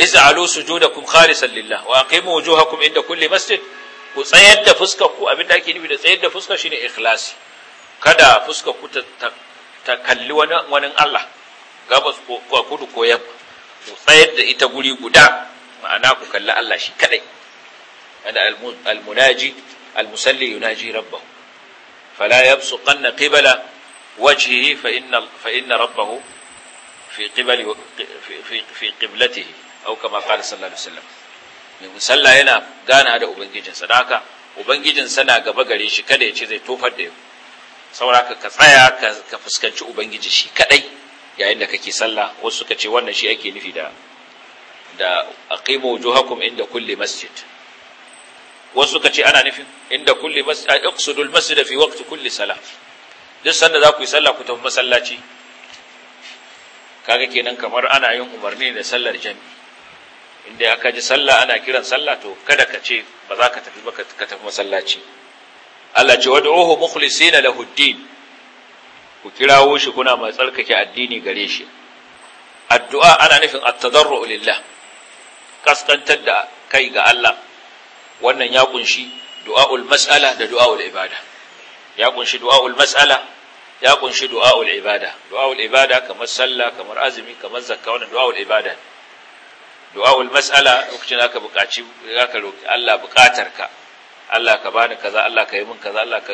iz'alu sujudakum khalisan lillah wa aqimu wujuhakum inda kulli masjid ku tsayar da fuskar ku abinda ake nufi da tsayar da fuskar shine ikhlasi kada fuskar ku ta kalli wani wani Allah gabas ko kudu ko yamma ku tsayar da ita guri guda ma'ana ku kalli Allah shi kadai ana almunaji almusalli yunaji rabbahu fala yabsuqanna qibla وجهه فإن, فإن ربه في, قبل في, في, في قبلته أو كما قال صلى الله عليه وسلم mai yana gana da ubangijinsa da haka ubangijinsa na gaba gare shi kada ya ce zai tofar da yau sauraka ka tsaya ka fuskanci ubangiji shi kadai yayin da kake sallah wasu suka ce wannan shi ake nufi da da aqimu wujuhakum inda kulli masjid wasu suka ce ana nufin inda kulli masjid ay iqsudul masjid fi waqti kulli salah duk sanda za ku yi sallah ku tafi masallaci kaga kenan kamar ana yin umarni da sallar Jami? inda aka ji sallah ana kiran sallah to kada ka ce ba za ka tafi ba ka tafi masallaci Allah ce wad'uhu mukhlisina na lahuddin ku kirawo shi kuna mai tsarkake addini gare shi addu'a ana nufin at-tadarru lillah kaskantar da kai ga Allah wannan ya kunshi du'aul mas'ala da du'aul ibada ya kunshi du'aul mas'ala ya kunshi du'a'ul ibada du'a'ul ibada kamar sallah kamar azumi kamar zakka wannan du'a'ul ibada du'a'ul mas'ala lokacin aka buƙaci aka roki Allah buƙatarka Allah ka bani kaza Allah ka yi min kaza Allah ka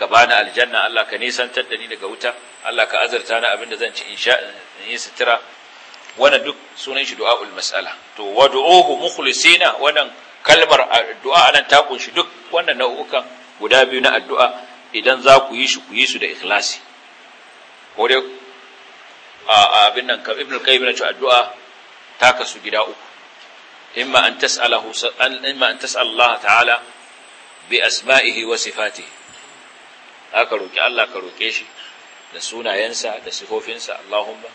ka bani aljanna Allah ka nisantar da ni daga wuta Allah ka azurta ni abinda zan ci insha in yi sutura wannan duk sunan shi du'a'ul mas'ala to wad'uhu mukhlisina wannan kalmar addu'a anan ta kunshi duk wannan nau'ukan guda biyu na addu'a idan za ku yi shi ku yi su da ikhlasi ko dai a abin nan ibn al-qayyim na ce addu'a ta kasu gida uku imma an tas'alahu imma an tas'al ta'ala bi asma'ihi wa sifatihi aka roki Allah ka roke shi da sunayensa da sifofinsa Allahumma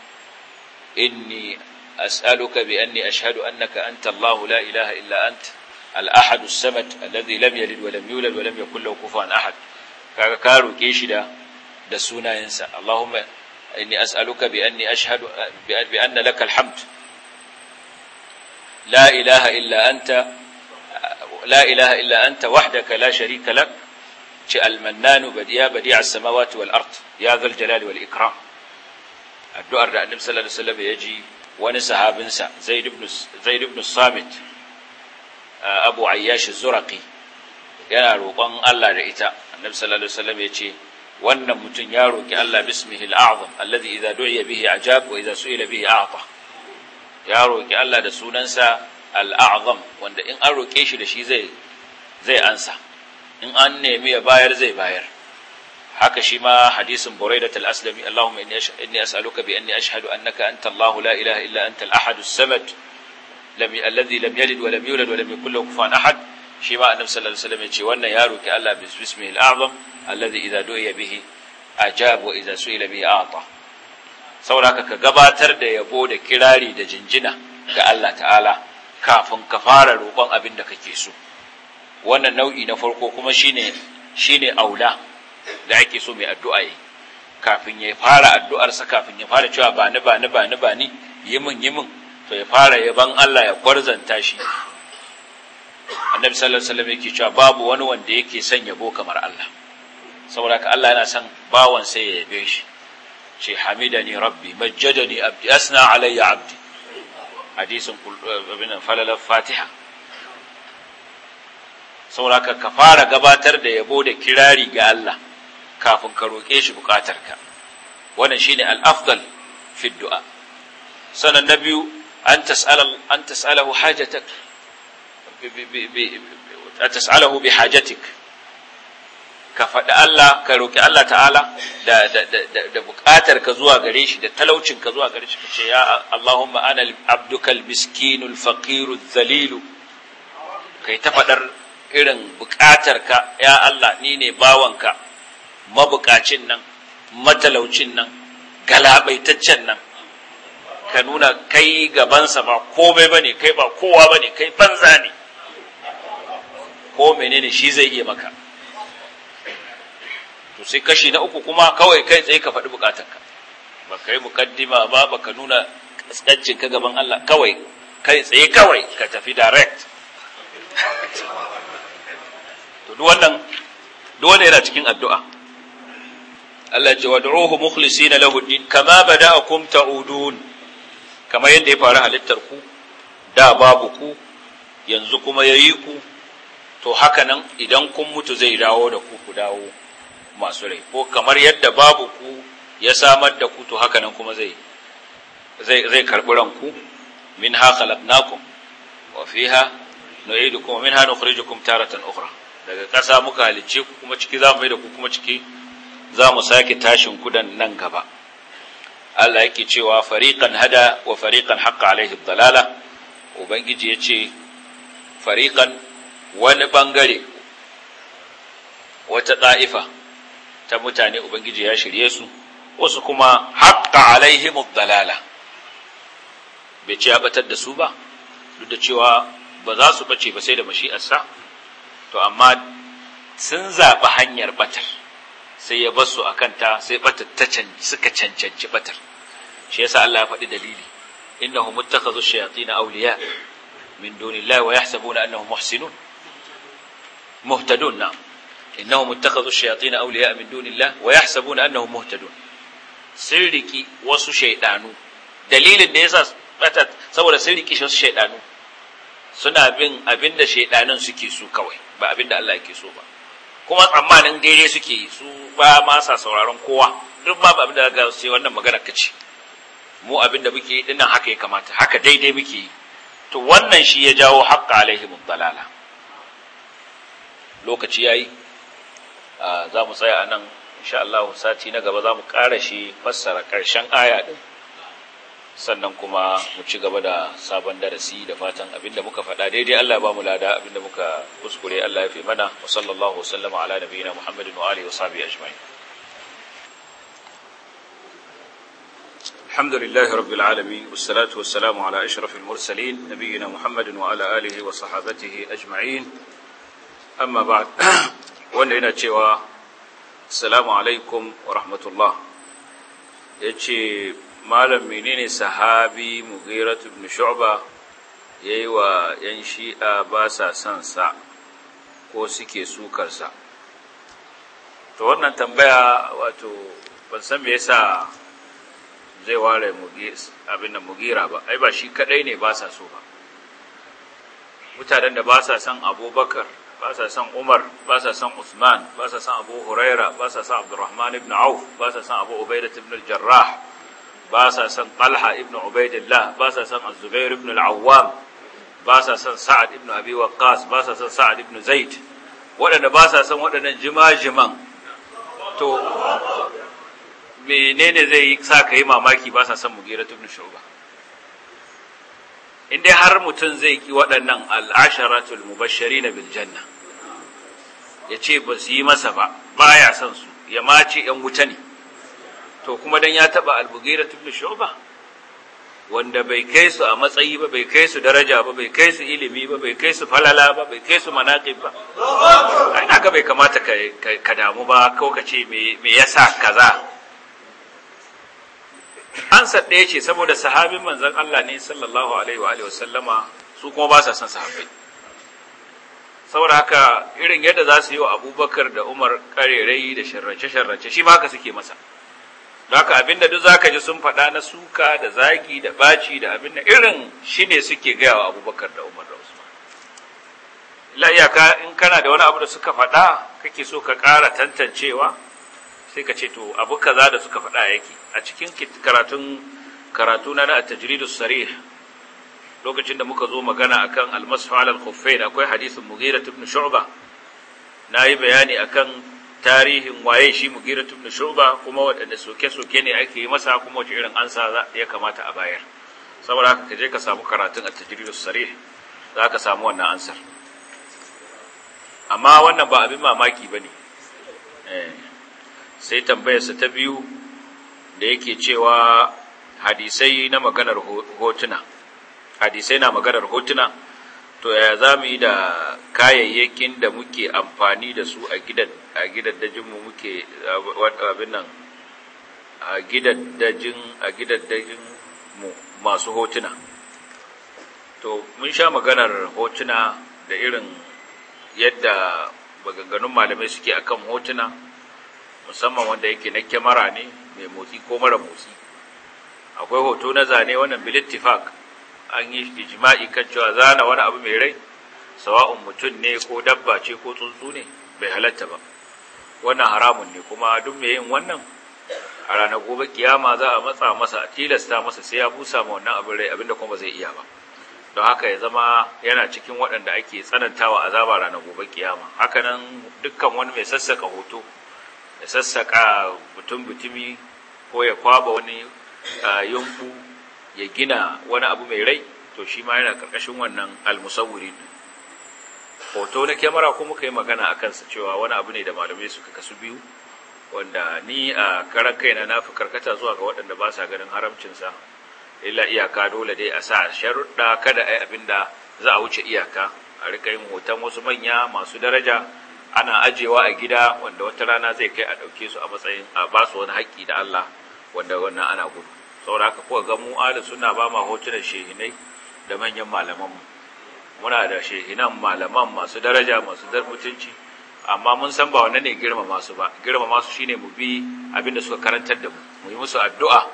inni as'aluka bi anni ashhadu annaka anta Allah la ilaha illa anta al-ahad as-samad alladhi lam yalid wa lam yulad wa lam yakul lahu kufuwan ahad kaga ka roke shi da da sunayensa Allahumma inni as'aluka bi anni ashhadu bi anna laka alhamd la ilaha illa anta la ilaha illa anta wahdaka la sharika lak ci almannanu badiya badi'a as-samawati wal ard ya dhal jalali wal ikram addu'ar da annabi sallallahu alaihi wasallam yaji wani sahabinsa zaid ibn zaid ibn samit abu ayyash az-zurqi yana roƙon Allah da ita annabi sallallahu alaihi wasallam ya ce wannan mutum ya roki Allah bismihi al-a'zam alladhi idza du'iya bihi ajab wa idza su'ila bihi a'ta ya roki Allah da sunansa al-a'zam wanda in an roke shi da shi zai zai ansa in an nemi ya bayar zai bayar haka shi ma hadisin buraidat al-aslami Allahumma inni as'aluka bi anni ashhadu annaka anta Allahu la ilaha illa anta al-ahad as-samad lam alladhi lam yalid wa lam yulad wa lam yakul lahu kufuwan ahad shi ma annabi sallallahu alaihi wasallam ya ce wannan yaro ke Allah bi bismil a'zam alladhi idza du'iya bihi ajab wa idza su'ila bihi a'ta saboda ka gabatar da yabo da kirari da jinjina ga Allah ta'ala kafin ka fara roƙon abin da kake so wannan nau'i na farko kuma shine shine aula da ake so mai addu'a yi kafin ya fara addu'arsa kafin ya fara cewa ba ni ba ni ba ni ba ni yi min to ya fara yaban Allah ya kwarzanta shi annabi sallallahu alaihi wasallam yake cewa babu wani wanda yake son yabo kamar Allah saboda ka Allah yana son bawan sai ya yabe shi ce hamidani rabbi majjadani abdi asna alayya abdi hadisin abin falalar fatiha saboda ka fara gabatar da yabo da kirari ga Allah kafin ka roƙe shi buƙatarka wannan shine al-afdal fi du'a sanan na biyu an tas'ala an tas'alahu hajatak tas'alahu bi hajatik ka faɗi Allah ka roƙi Allah ta'ala da da buƙatar ka zuwa gare shi da talaucin ka zuwa gare shi ka ce ya Allahumma ana abdukal miskinu faqiru zalilu. kai ta faɗar irin buƙatar ka ya Allah ni ne bawanka mabukacin nan matalaucin nan galabaitaccen nan ka nuna kai gabansa ba komai bane kai ba kowa bane kai banza ne ko menene shi zai iya maka to sai kashi na uku kuma kawai kai tsaye ka faɗi bukatarka ba kai mukaddima ba ba ka nuna kaskancin ka gaban Allah kawai kai tsaye kawai ka tafi direct to duk wannan duk wannan yana cikin addu'a Allah ce wad'uhu mukhlisina lahu ad-din kama bada'akum ta'udun kama yadda ya faru halittar ku da babu ku yanzu kuma yayi ku to haka nan idan kun mutu zai dawo da ku ku dawo masu rai ko kamar yadda babu ku ya samar da ku to haka nan kuma zai zai zai karbi ranku minha khalaqnakum wa fiha nu'idukum min minha nukhrijukum taratan ukhra daga ƙasa muka halicce ku kuma ciki za mu da ku kuma ciki za mu sake tashin ku nan gaba Allah yake cewa fariqan hada wa fariqan haqqa alaihi dalala ubangiji yace fariqan wani bangare wata ɗa'ifa ta mutane ubangiji ya shirye su wasu kuma haƙƙa alaihimu dalala bai ce ya batar da su ba duk da cewa ba za su ɓace ba sai da mashi'arsa to amma sun zaɓi hanyar batar sai ya basu a kanta sai batar ta suka cancanci batar shi yasa Allah ya faɗi dalili innahum muttakhadhu shayatin auliya, min dunillahi wa yahsabuna annahum muhsinun muhtadun na'am innahum ittakhadhu ash-shayatin awliya min dunillah wa yahsabuna annahum muhtadun sun riki wasu shaidanu dalilin da yasa bata saboda sun riki wasu shaidanu suna bin abinda shaidanun suke so kawai ba abinda Allah yake so ba kuma tsammanin daidai suke yi su ba ma sa sauraron kowa duk ba abin da ga sai wannan magana ce? mu abinda da muke yi dinnan haka ya kamata haka daidai muke yi to wannan shi ya jawo haqqa alaihimu, dalala lokaci yayi za mu tsaya a nan insha Allah sati na gaba za mu ƙara shi fassara ƙarshen aya ɗin sannan kuma mu ci gaba da sabon darasi da fatan abinda muka faɗa daidai Allah ba mu lada abinda muka kuskure Allah ya fi mana wa sallallahu wa sallama ala nabiyyina Muhammadin wa alihi wa sahbihi ajma'in الحمد لله رب العالمين والصلاة والسلام على أشرف المرسلين نبينا محمد وعلى آله وصحابته أجمعين amma ba *coughs* wanda yana cewa salamu alaikum wa rahmatullah ya ce malam menene sahabi mughiratu ibn shu'ba yayi wa yan shi'a ba sa son sa ko suke sukarsa to wannan tambaya wato ban san me yasa zai ware abin da mugira ba ai ba shi kadai ne ba sa so ba mutanen da ba sa son abubakar ba sa son Umar ba sa son Usman ba sa son Abu Huraira ba sa son Abdurrahman ibn Auf ba sa son Abu Ubaidah ibn al-Jarrah ba sa son Talha ibn Ubaidillah ba sa son Az-Zubair ibn al-Awwam ba sa son Sa'ad ibn Abi Waqqas ba sa son Sa'ad ibn Zaid waɗanda ba sa son waɗannan jima-jiman to menene zai yi sa ka yi mamaki ba sa son Mughirah ibn Shu'bah in dai har mutum zai ki waɗannan al'asharatul mubashari na biljanna ya ce ba su yi masa ba baya son su ya mace ‘yan wuta ne to kuma don ya taɓa albugera tun shoba wanda bai kai su a matsayi ba bai kai su daraja ba bai kai su ilimi ba bai kai su falala ba bai kai su manaƙib ba ai bai kamata ka damu ba ko ka ce me yasa kaza ansar ɗaya ce saboda sahabin manzan Allah ne sallallahu alaihi wa alihi wasallama su kuma ba sa son sahabai. saboda haka irin yadda za su yi wa abubakar da umar ƙarerai da sharrance-sharrance shi ma haka suke masa da haka abinda duk za ka ji sun faɗa na suka da zagi da baci da abin da irin shi ne suke gaya wa abubakar da umar da usman la iyaka in kana da wani abu da suka faɗa kake so ka ƙara tantancewa sai ka ce to abu kaza da suka faɗa yake a cikin karatun karatu na na tajridu sarih lokacin da muka zo magana akan almasu al khuffain akwai hadisin mughira ibn shu'ba nayi bayani akan tarihin waye shi mughira ibn shu'ba kuma waɗanda soke-soke ne ake yi masa kuma wace irin ansa ya kamata a bayar saboda haka kaje ka samu karatun at-tajridu sarih za ka samu wannan ansar amma wannan ba abin mamaki bane eh sai tambayarsa ta biyu da yake cewa hadisai na maganar hotuna hadisai na maganar hotuna to yaya za mu yi da kayayyakin da muke amfani da su a gidan a muke abin nan a gidaddajin mu masu hotuna to mun sha maganar hotuna da irin yadda maganganun malamai suke akan hotuna musamman wanda yake na kyamara ne mai motsi ko mara motsi akwai hoto na zane wannan bilittifak an yi ijma'i kan cewa zana wani abu mai rai sawa'un mutum ne ko dabba ce ko tsuntsu ne bai halatta ba wannan haramun ne kuma duk mai yin wannan a ranar gobe kiyama za a matsa masa a tilasta masa sai ya busa ma wannan abin rai abinda kuma zai iya ba don haka ya zama yana cikin waɗanda ake tsanantawa azaba ranar gobe kiyama hakanan dukkan wani mai sassaka hoto ya sassaƙa mutum mutumi ko ya kwaba wani yunfu ya gina wani abu mai rai to shi ma yana ƙarƙashin wannan almusawurin hoto na kyamara ko muka yi magana a kansa cewa wani abu ne da malamai suka kasu biyu wanda ni a karan kaina na fi karkata zuwa ga waɗanda ba sa ganin haramcinsa illa iyaka dole dai a sa sharuɗa kada a yi abin da za a wuce iyaka a riƙa yin hoton wasu manya masu daraja ana ajewa a gida wanda wata rana zai kai a ɗauke su a matsayin a ba su wani haƙƙi da Allah wanda wannan ana gudu saboda haka kuka ga mu ala suna ba ma hotunan shehinai da manyan malamanmu muna da shehinan malaman masu daraja masu dar mutunci amma mun san ba wanne ne girma masu ba girmama su shine mu bi abin da suka karantar da mu mu yi musu addu'a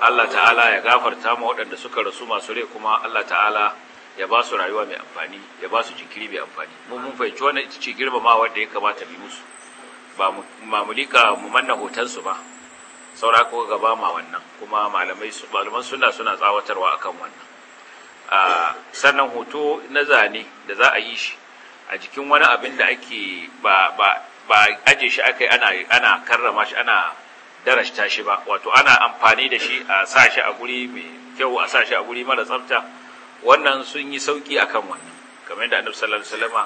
Allah ta'ala ya gafarta mu waɗanda suka rasu masu rai kuma Allah ta'ala ya ba su rayuwa mai amfani ya ba su jinkiri mai amfani mun mun fahimci wannan ita ce girmamawa wanda ya kamata bi musu ba mamulika mu manna hoton su ba saura ko gaba ma wannan kuma malamai malaman suna suna tsawatarwa akan wannan a sannan hoto na zane da za a yi shi a jikin wani abin da ake ba ba ba aje shi akai ana ana karrama shi ana darashta shi ba wato ana amfani da shi a sa shi a guri mai kyau a sa shi a guri mara tsafta wannan sun yi sauki akan wannan kamar yadda annabi sallallahu alaihi wasallama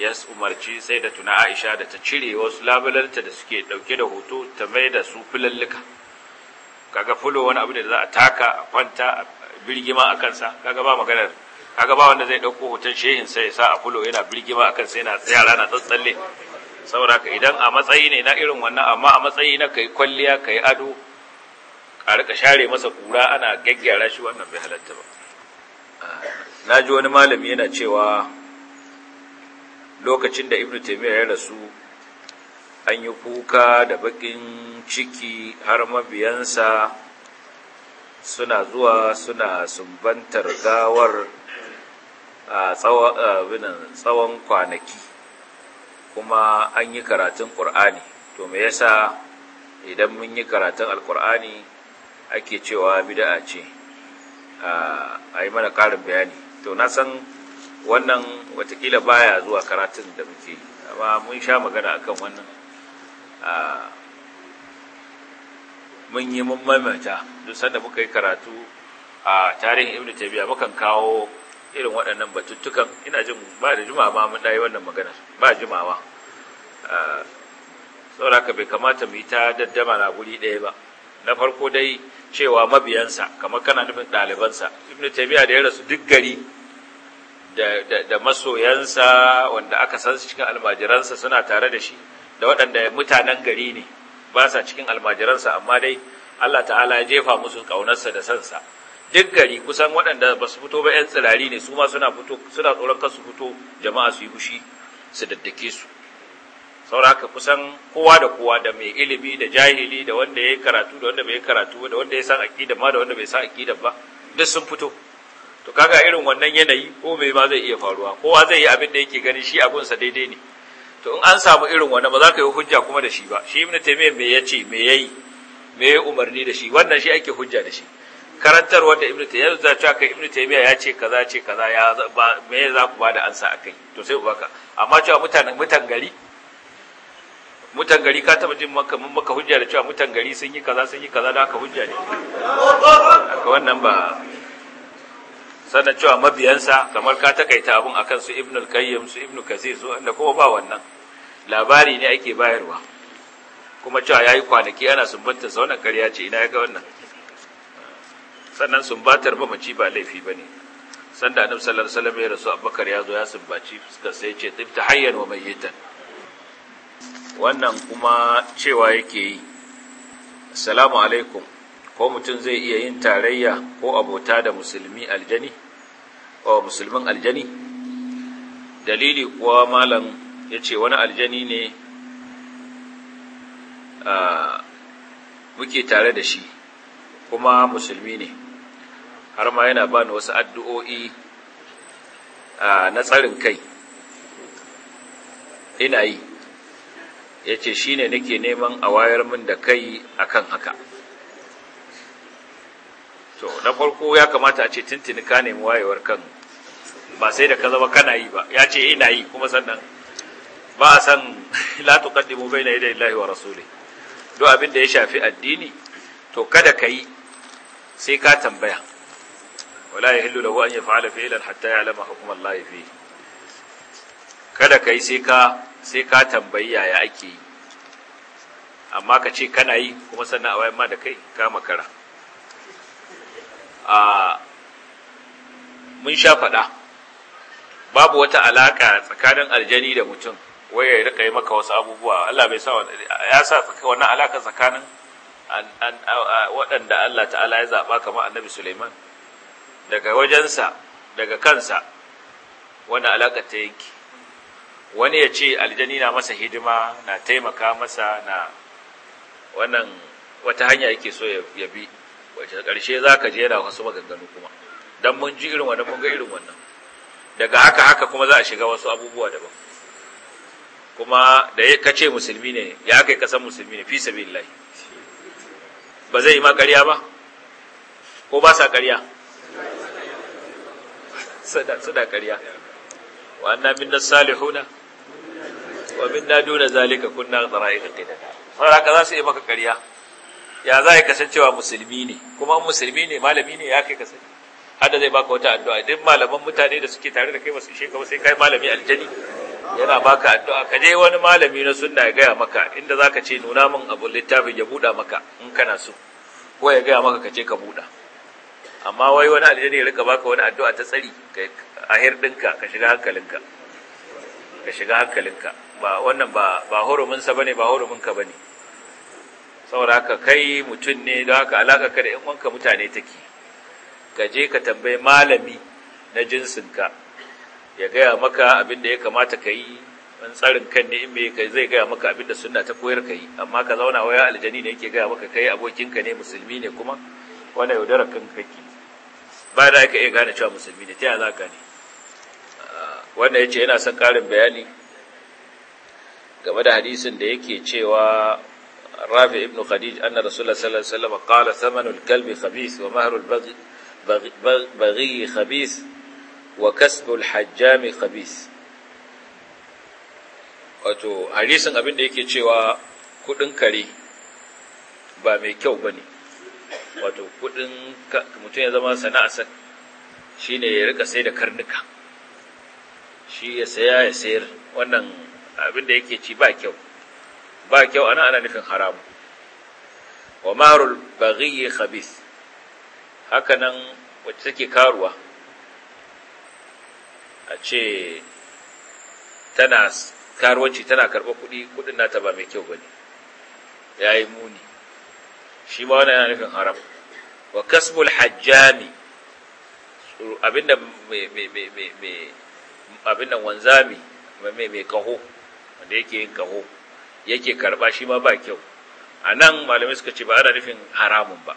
ya umarci sai da tuna Aisha da ta cire wasu labalanta da suke dauke da hoto ta mai da su fulalluka kaga fulo wani abu da za a taka a kwanta a birgima a kansa kaga ba maganar kaga ba wanda zai dauko hoton shehin sai ya sa a fulo yana birgima a kansa yana tsaya na tsatsalle saboda ka idan a matsayi ne na irin wannan amma a matsayi na kai kwalliya kai ado a rika share masa kura ana gaggyara shi wannan bai halatta ba na ji wani malami yana cewa lokacin da ibn taimiyya ya rasu an yi kuka da bakin ciki har mabiyansa suna zuwa suna sumbantar gawar a tsawon kwanaki kuma an yi karatun ƙur'ani to me yasa idan mun yi karatun alƙur'ani ake cewa bida'a ce a yi mana karin bayani to na san wannan watakila baya zuwa karatun da muke amma mun sha magana akan wannan mun yi mun maimaita duk sanda muka yi karatu a tarihin ibnu tabiya mukan kawo irin waɗannan batuttukan ina jin ba da ba, mun dai wannan magana ba jumawa saboda haka bai kamata mu yi ta daddama na guri ɗaya ba na farko dai cewa mabiyansa kamar kana nufin ɗalibansa ibn taimiyya da ya rasu duk gari da, masoyansa wanda aka san su cikin almajiransa suna tare da shi da waɗanda mutanen gari ne ba sa cikin almajiransa amma dai Allah ta'ala ya jefa musu ƙaunarsa da sansa duk gari kusan waɗanda ba su fito ba 'yan tsirari ne su ma suna fito suna tsoron fito jama'a su yi fushi su daddake su sauraka kusan kowa da kowa da mai ilimi da jahili da wanda ya karatu da wanda bai karatu da wanda ya san aqida ma da wanda bai san aqida ba duk sun fito to kaga irin wannan yanayi ko me ma zai iya faruwa kowa zai yi abin da yake gani shi abun sa daidai ne to in an samu irin wannan ba za ka yi hujja kuma da shi ba shi Ibn taymiyyah me yace me yayi me ya umarni da shi wannan shi ake hujja da shi karantar wanda Ibn taymiyyah yanzu ta kai ibn taymiyyah ya ce kaza ce kaza ya me za ku ba da ansa akai to sai ku baka amma cewa mutanen mutan gari mutan gari ka taba jin maka mun maka hujja da cewa mutan gari sun yi kaza sun yi kaza da aka hujja ne aka wannan ba sannan cewa mabiyansa kamar ka takaita abun akan su ibn al-qayyim su ibn kasir su da kuma ba wannan labari ne ake bayarwa kuma cewa yayi kwanaki ana sumbanta sa wannan kariya ce ina ga wannan sannan sumbatar ba mace ba laifi bane sanda annabi sallallahu alaihi wasallam ya rasu abubakar ya zo ya sumbaci fuskar sai ya ce tibta hayyan wa mayyitan wannan kuma cewa yake yi assalamu alaikum ko mutum zai iya yin tarayya ko abota da musulmi aljani o oh, musulmin aljani dalili kuwa malam ya ce wani aljani ne muke tare da shi kuma musulmi ne har ma yana ba ni wasu addu'o'i na tsarin kai ina yi ya ce shi ne nake neman a wayar min da kai a kan haka to na farko ya kamata a ce tuntuni ka nemi wayewar kan ba sai da ka zama kana yi ba ya ce ina yi kuma sannan ba a san latu *laughs* la bai na idan lahi wa rasuli duk abin da ya shafi addini to kada ka yi sai ka tambaya wala yahillu lahu an yaf'ala fi'lan hatta ya'lama hukumar Allah kada ka yi sai ka sai ka tambayi yaya ake yi amma ka ce kana yi kuma sannan a wayan ma da kai ka makara a mun sha faɗa babu wata alaƙa tsakanin aljani da mutum wai ya rika yi maka wasu abubuwa Allah bai sa ya sa wannan alaƙa tsakanin waɗanda Allah ta'ala ya zaɓa kamar annabi Suleiman daga wajensa daga kansa wannan alaƙa ta yanki wani ya ce aljani na masa hidima na taimaka masa na wannan wata hanya yake so ya bi wace ƙarshe za ka jera wasu maganganu kuma don mun ji irin wannan mun ga irin wannan daga haka haka kuma za a shiga wasu abubuwa daban kuma da ka ce musulmi ne ya kai kasan musulmi ne fi lai ba zai yi ma ƙarya ba ko ba sa ƙarya sada ƙarya wa'anna minna salihuna wa min na duna zalika kunna tsara'ika qidada saboda ka za su yi maka ƙarya ya za ka kasancewa musulmi ne kuma in musulmi ne malami ne ya kai kasance. hada zai baka wata addu'a duk malaman mutane da suke tare da kai basu ishe ka ba sai kai malami aljani yana baka addu'a ka je wani malami na sunna ya gaya maka inda zaka ce nuna min abu littafin ya buɗa maka in kana so ko ya gaya maka ka ce ka buɗa amma wai wani aljani ya rika baka wani addu'a ta tsari a hirɗinka ka shiga hankalinka ka shiga hankalinka ba wannan ba ba huruminsa bane ba ka bane saboda ka kai mutum ne don haka alaka ka da ƴan uwanka mutane take ka je ka tambayi malami na jinsin ka ya gaya maka abin da ya kamata ka yi an tsarin kan ne in me kai zai gaya maka abin da sunna ta koyar ka yi amma ka zauna waya aljani ne yake gaya maka kai abokinka ne musulmi ne kuma wannan yaudarar kan kake ba da aka iya gane cewa musulmi ne ta yaya za ka gane wanda ya ce yana son ƙarin bayani game da hadisin da yake cewa rafi ibn khadij anna rasulullah sallallahu alaihi wasallam qala thamanul kalbi khabith wa mahrul baghi khabith wa kasbul hajjami khabith wato hadisin abin da yake cewa kudin kare ba mai kyau bane wato kudin mutum ya zama sana'a shine ya rika sai da karnuka shi ya saya ya sayar wannan abin da yake ci ba kyau ba kyau ana ana nufin haramu wa marul baghi khabith haka nan wacce take karuwa a ce tana karuwanci tana karɓar kuɗi kuɗin nata ba mai kyau bane ya yi muni shi ma wannan yana nufin haram wa kasbul hajjami abinda mai abin nan wanzami mai mai kaho wanda yake yin kaho yake karba shi ma ba kyau a nan malamai suka ce ba ana nufin haramun ba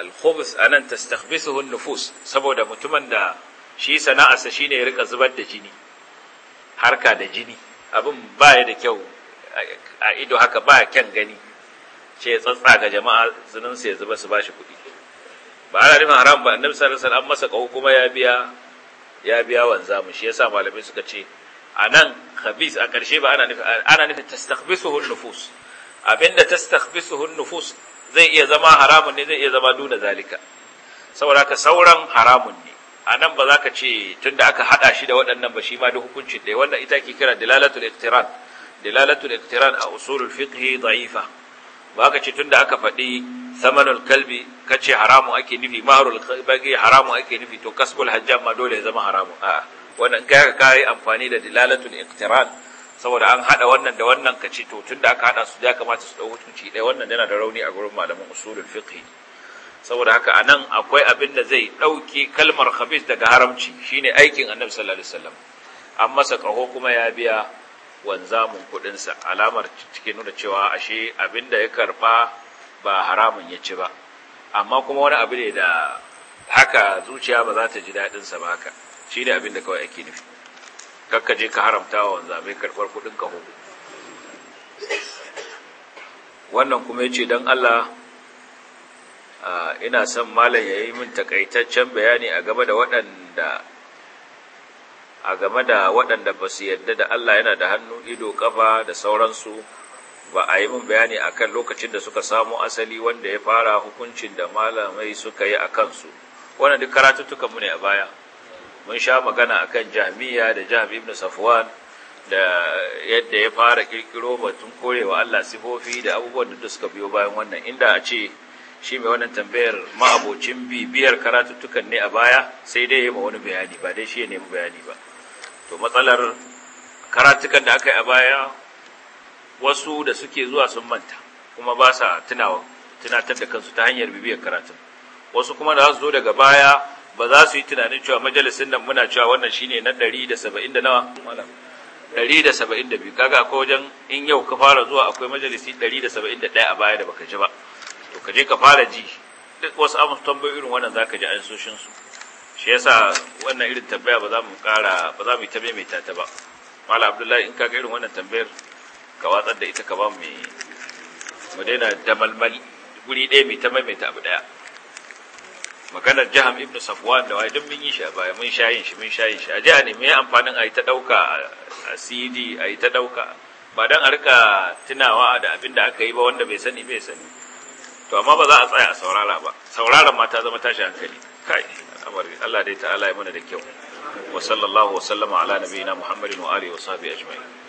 al a nan tastakhbisuhu an-nufus saboda mutumin da shi sana'arsa shine ne rika zubar da jini harka da jini abin baya da kyau a ido haka ba kyan gani ce tsatsa ga jama'a zinin ya zuba su ba shi kuɗi ba ana nufin haramun ba annabi sallallahu alaihi wasallam masa kaho kuma ya biya ya biya wanzamu shi yasa malamai suka ce anan khabis a ƙarshe ba ana nufin ana nufin tastakhbisuhu nufus abinda tastakhbisuhu nufus zai iya zama haramun ne zai iya zama duna zalika saboda ka sauran haramun ne anan ba za ka ce tunda aka hada shi da waɗannan ba shi ma duk hukuncin da wannan ita ke kira dilalatul iqtiran dilalatul iqtiran a usulul fiqh da'ifa ba ka ce tunda aka faɗi samanul kalbi ka ce haramun ake nufi maharul bagi haramun ake nufi to kasbul hajjam ma dole ya zama haramun a'a wannan kai ka yi amfani da dilalatul iqtiran saboda an hada wannan da wannan ka ce to tunda aka hada su ya kamata su dau hukunci ɗaya wannan yana da rauni a gurin malaman usulul fiqh saboda haka anan akwai abin da zai ɗauki kalmar khabis daga haramci shine aikin annabi sallallahu alaihi wasallam an masa kaho kuma ya biya wanzamun kuɗinsa alamar cikin nuna cewa ashe abin da ya karɓa ba haramun ya ci ba amma kuma wani abu ne da haka zuciya ba za ta ji daɗinsa ba haka shi ne abin da kawai ake nufi kakka je ka haramta wa wanzamai karbar kuɗin ka hudu wannan kuma ya ce don allah ina son malam ya yi min takaitaccen bayani a gaba da waɗanda a game da waɗanda ba su yarda da Allah yana da hannu ido kafa da sauransu ba a yi mun bayani akan lokacin da suka samo asali wanda ya fara hukuncin da malamai suka yi a kansu wannan duk karatuttukanmu ne a baya mun sha magana a kan jami'a da jami ibn safwan da yadda ya fara kirkiro batun korewa Allah sifofi da abubuwan da suka biyo bayan wannan inda a ce shi mai wannan tambayar ma'abocin bibiyar karatuttukan ne a baya sai dai ya yi ma wani bayani ba dai shi ya nemi bayani ba to matsalar karatukan da aka yi a baya wasu da suke zuwa sun manta kuma ba sa tunawa tunatar da kansu ta hanyar bibiyar karatun wasu kuma da su zo daga baya ba za su yi tunanin cewa majalisun nan muna cewa wannan shine na ɗari da saba'in da nawa ɗari da saba'in da biyu kaga ko wajen in yau ka fara zuwa akwai majalisi ɗari da saba'in da ɗaya a baya da baka ji ba to ka je ka fara ji duk wasu amsa tambayoyi irin wannan za ka ji an soshin su shi yasa wannan irin tambaya ba za mu kara ba za mu yi ta mai ta ba mala abdullahi in ka ga irin wannan tambayar ka watsar da ita ka ba mu mu daina malmali. guri ɗaya mai ta mai abu ɗaya maganar jaham ibn safwan da wai duk mun yi shi a baya mun shayin shi mun shayin shi a jiya ne me amfanin a yi ta ɗauka a cd a yi ta ɗauka ba don a rika tunawa da abin da aka yi ba wanda bai sani bai sani to amma ba za a tsaya a saurara ba saurara ma ta zama tashi hankali kai al'amari Allah dai ta'ala ya mana da kyau wa sallallahu wa sallama ala nabiyina Muhammadin wa alihi wa sahbihi ajma'in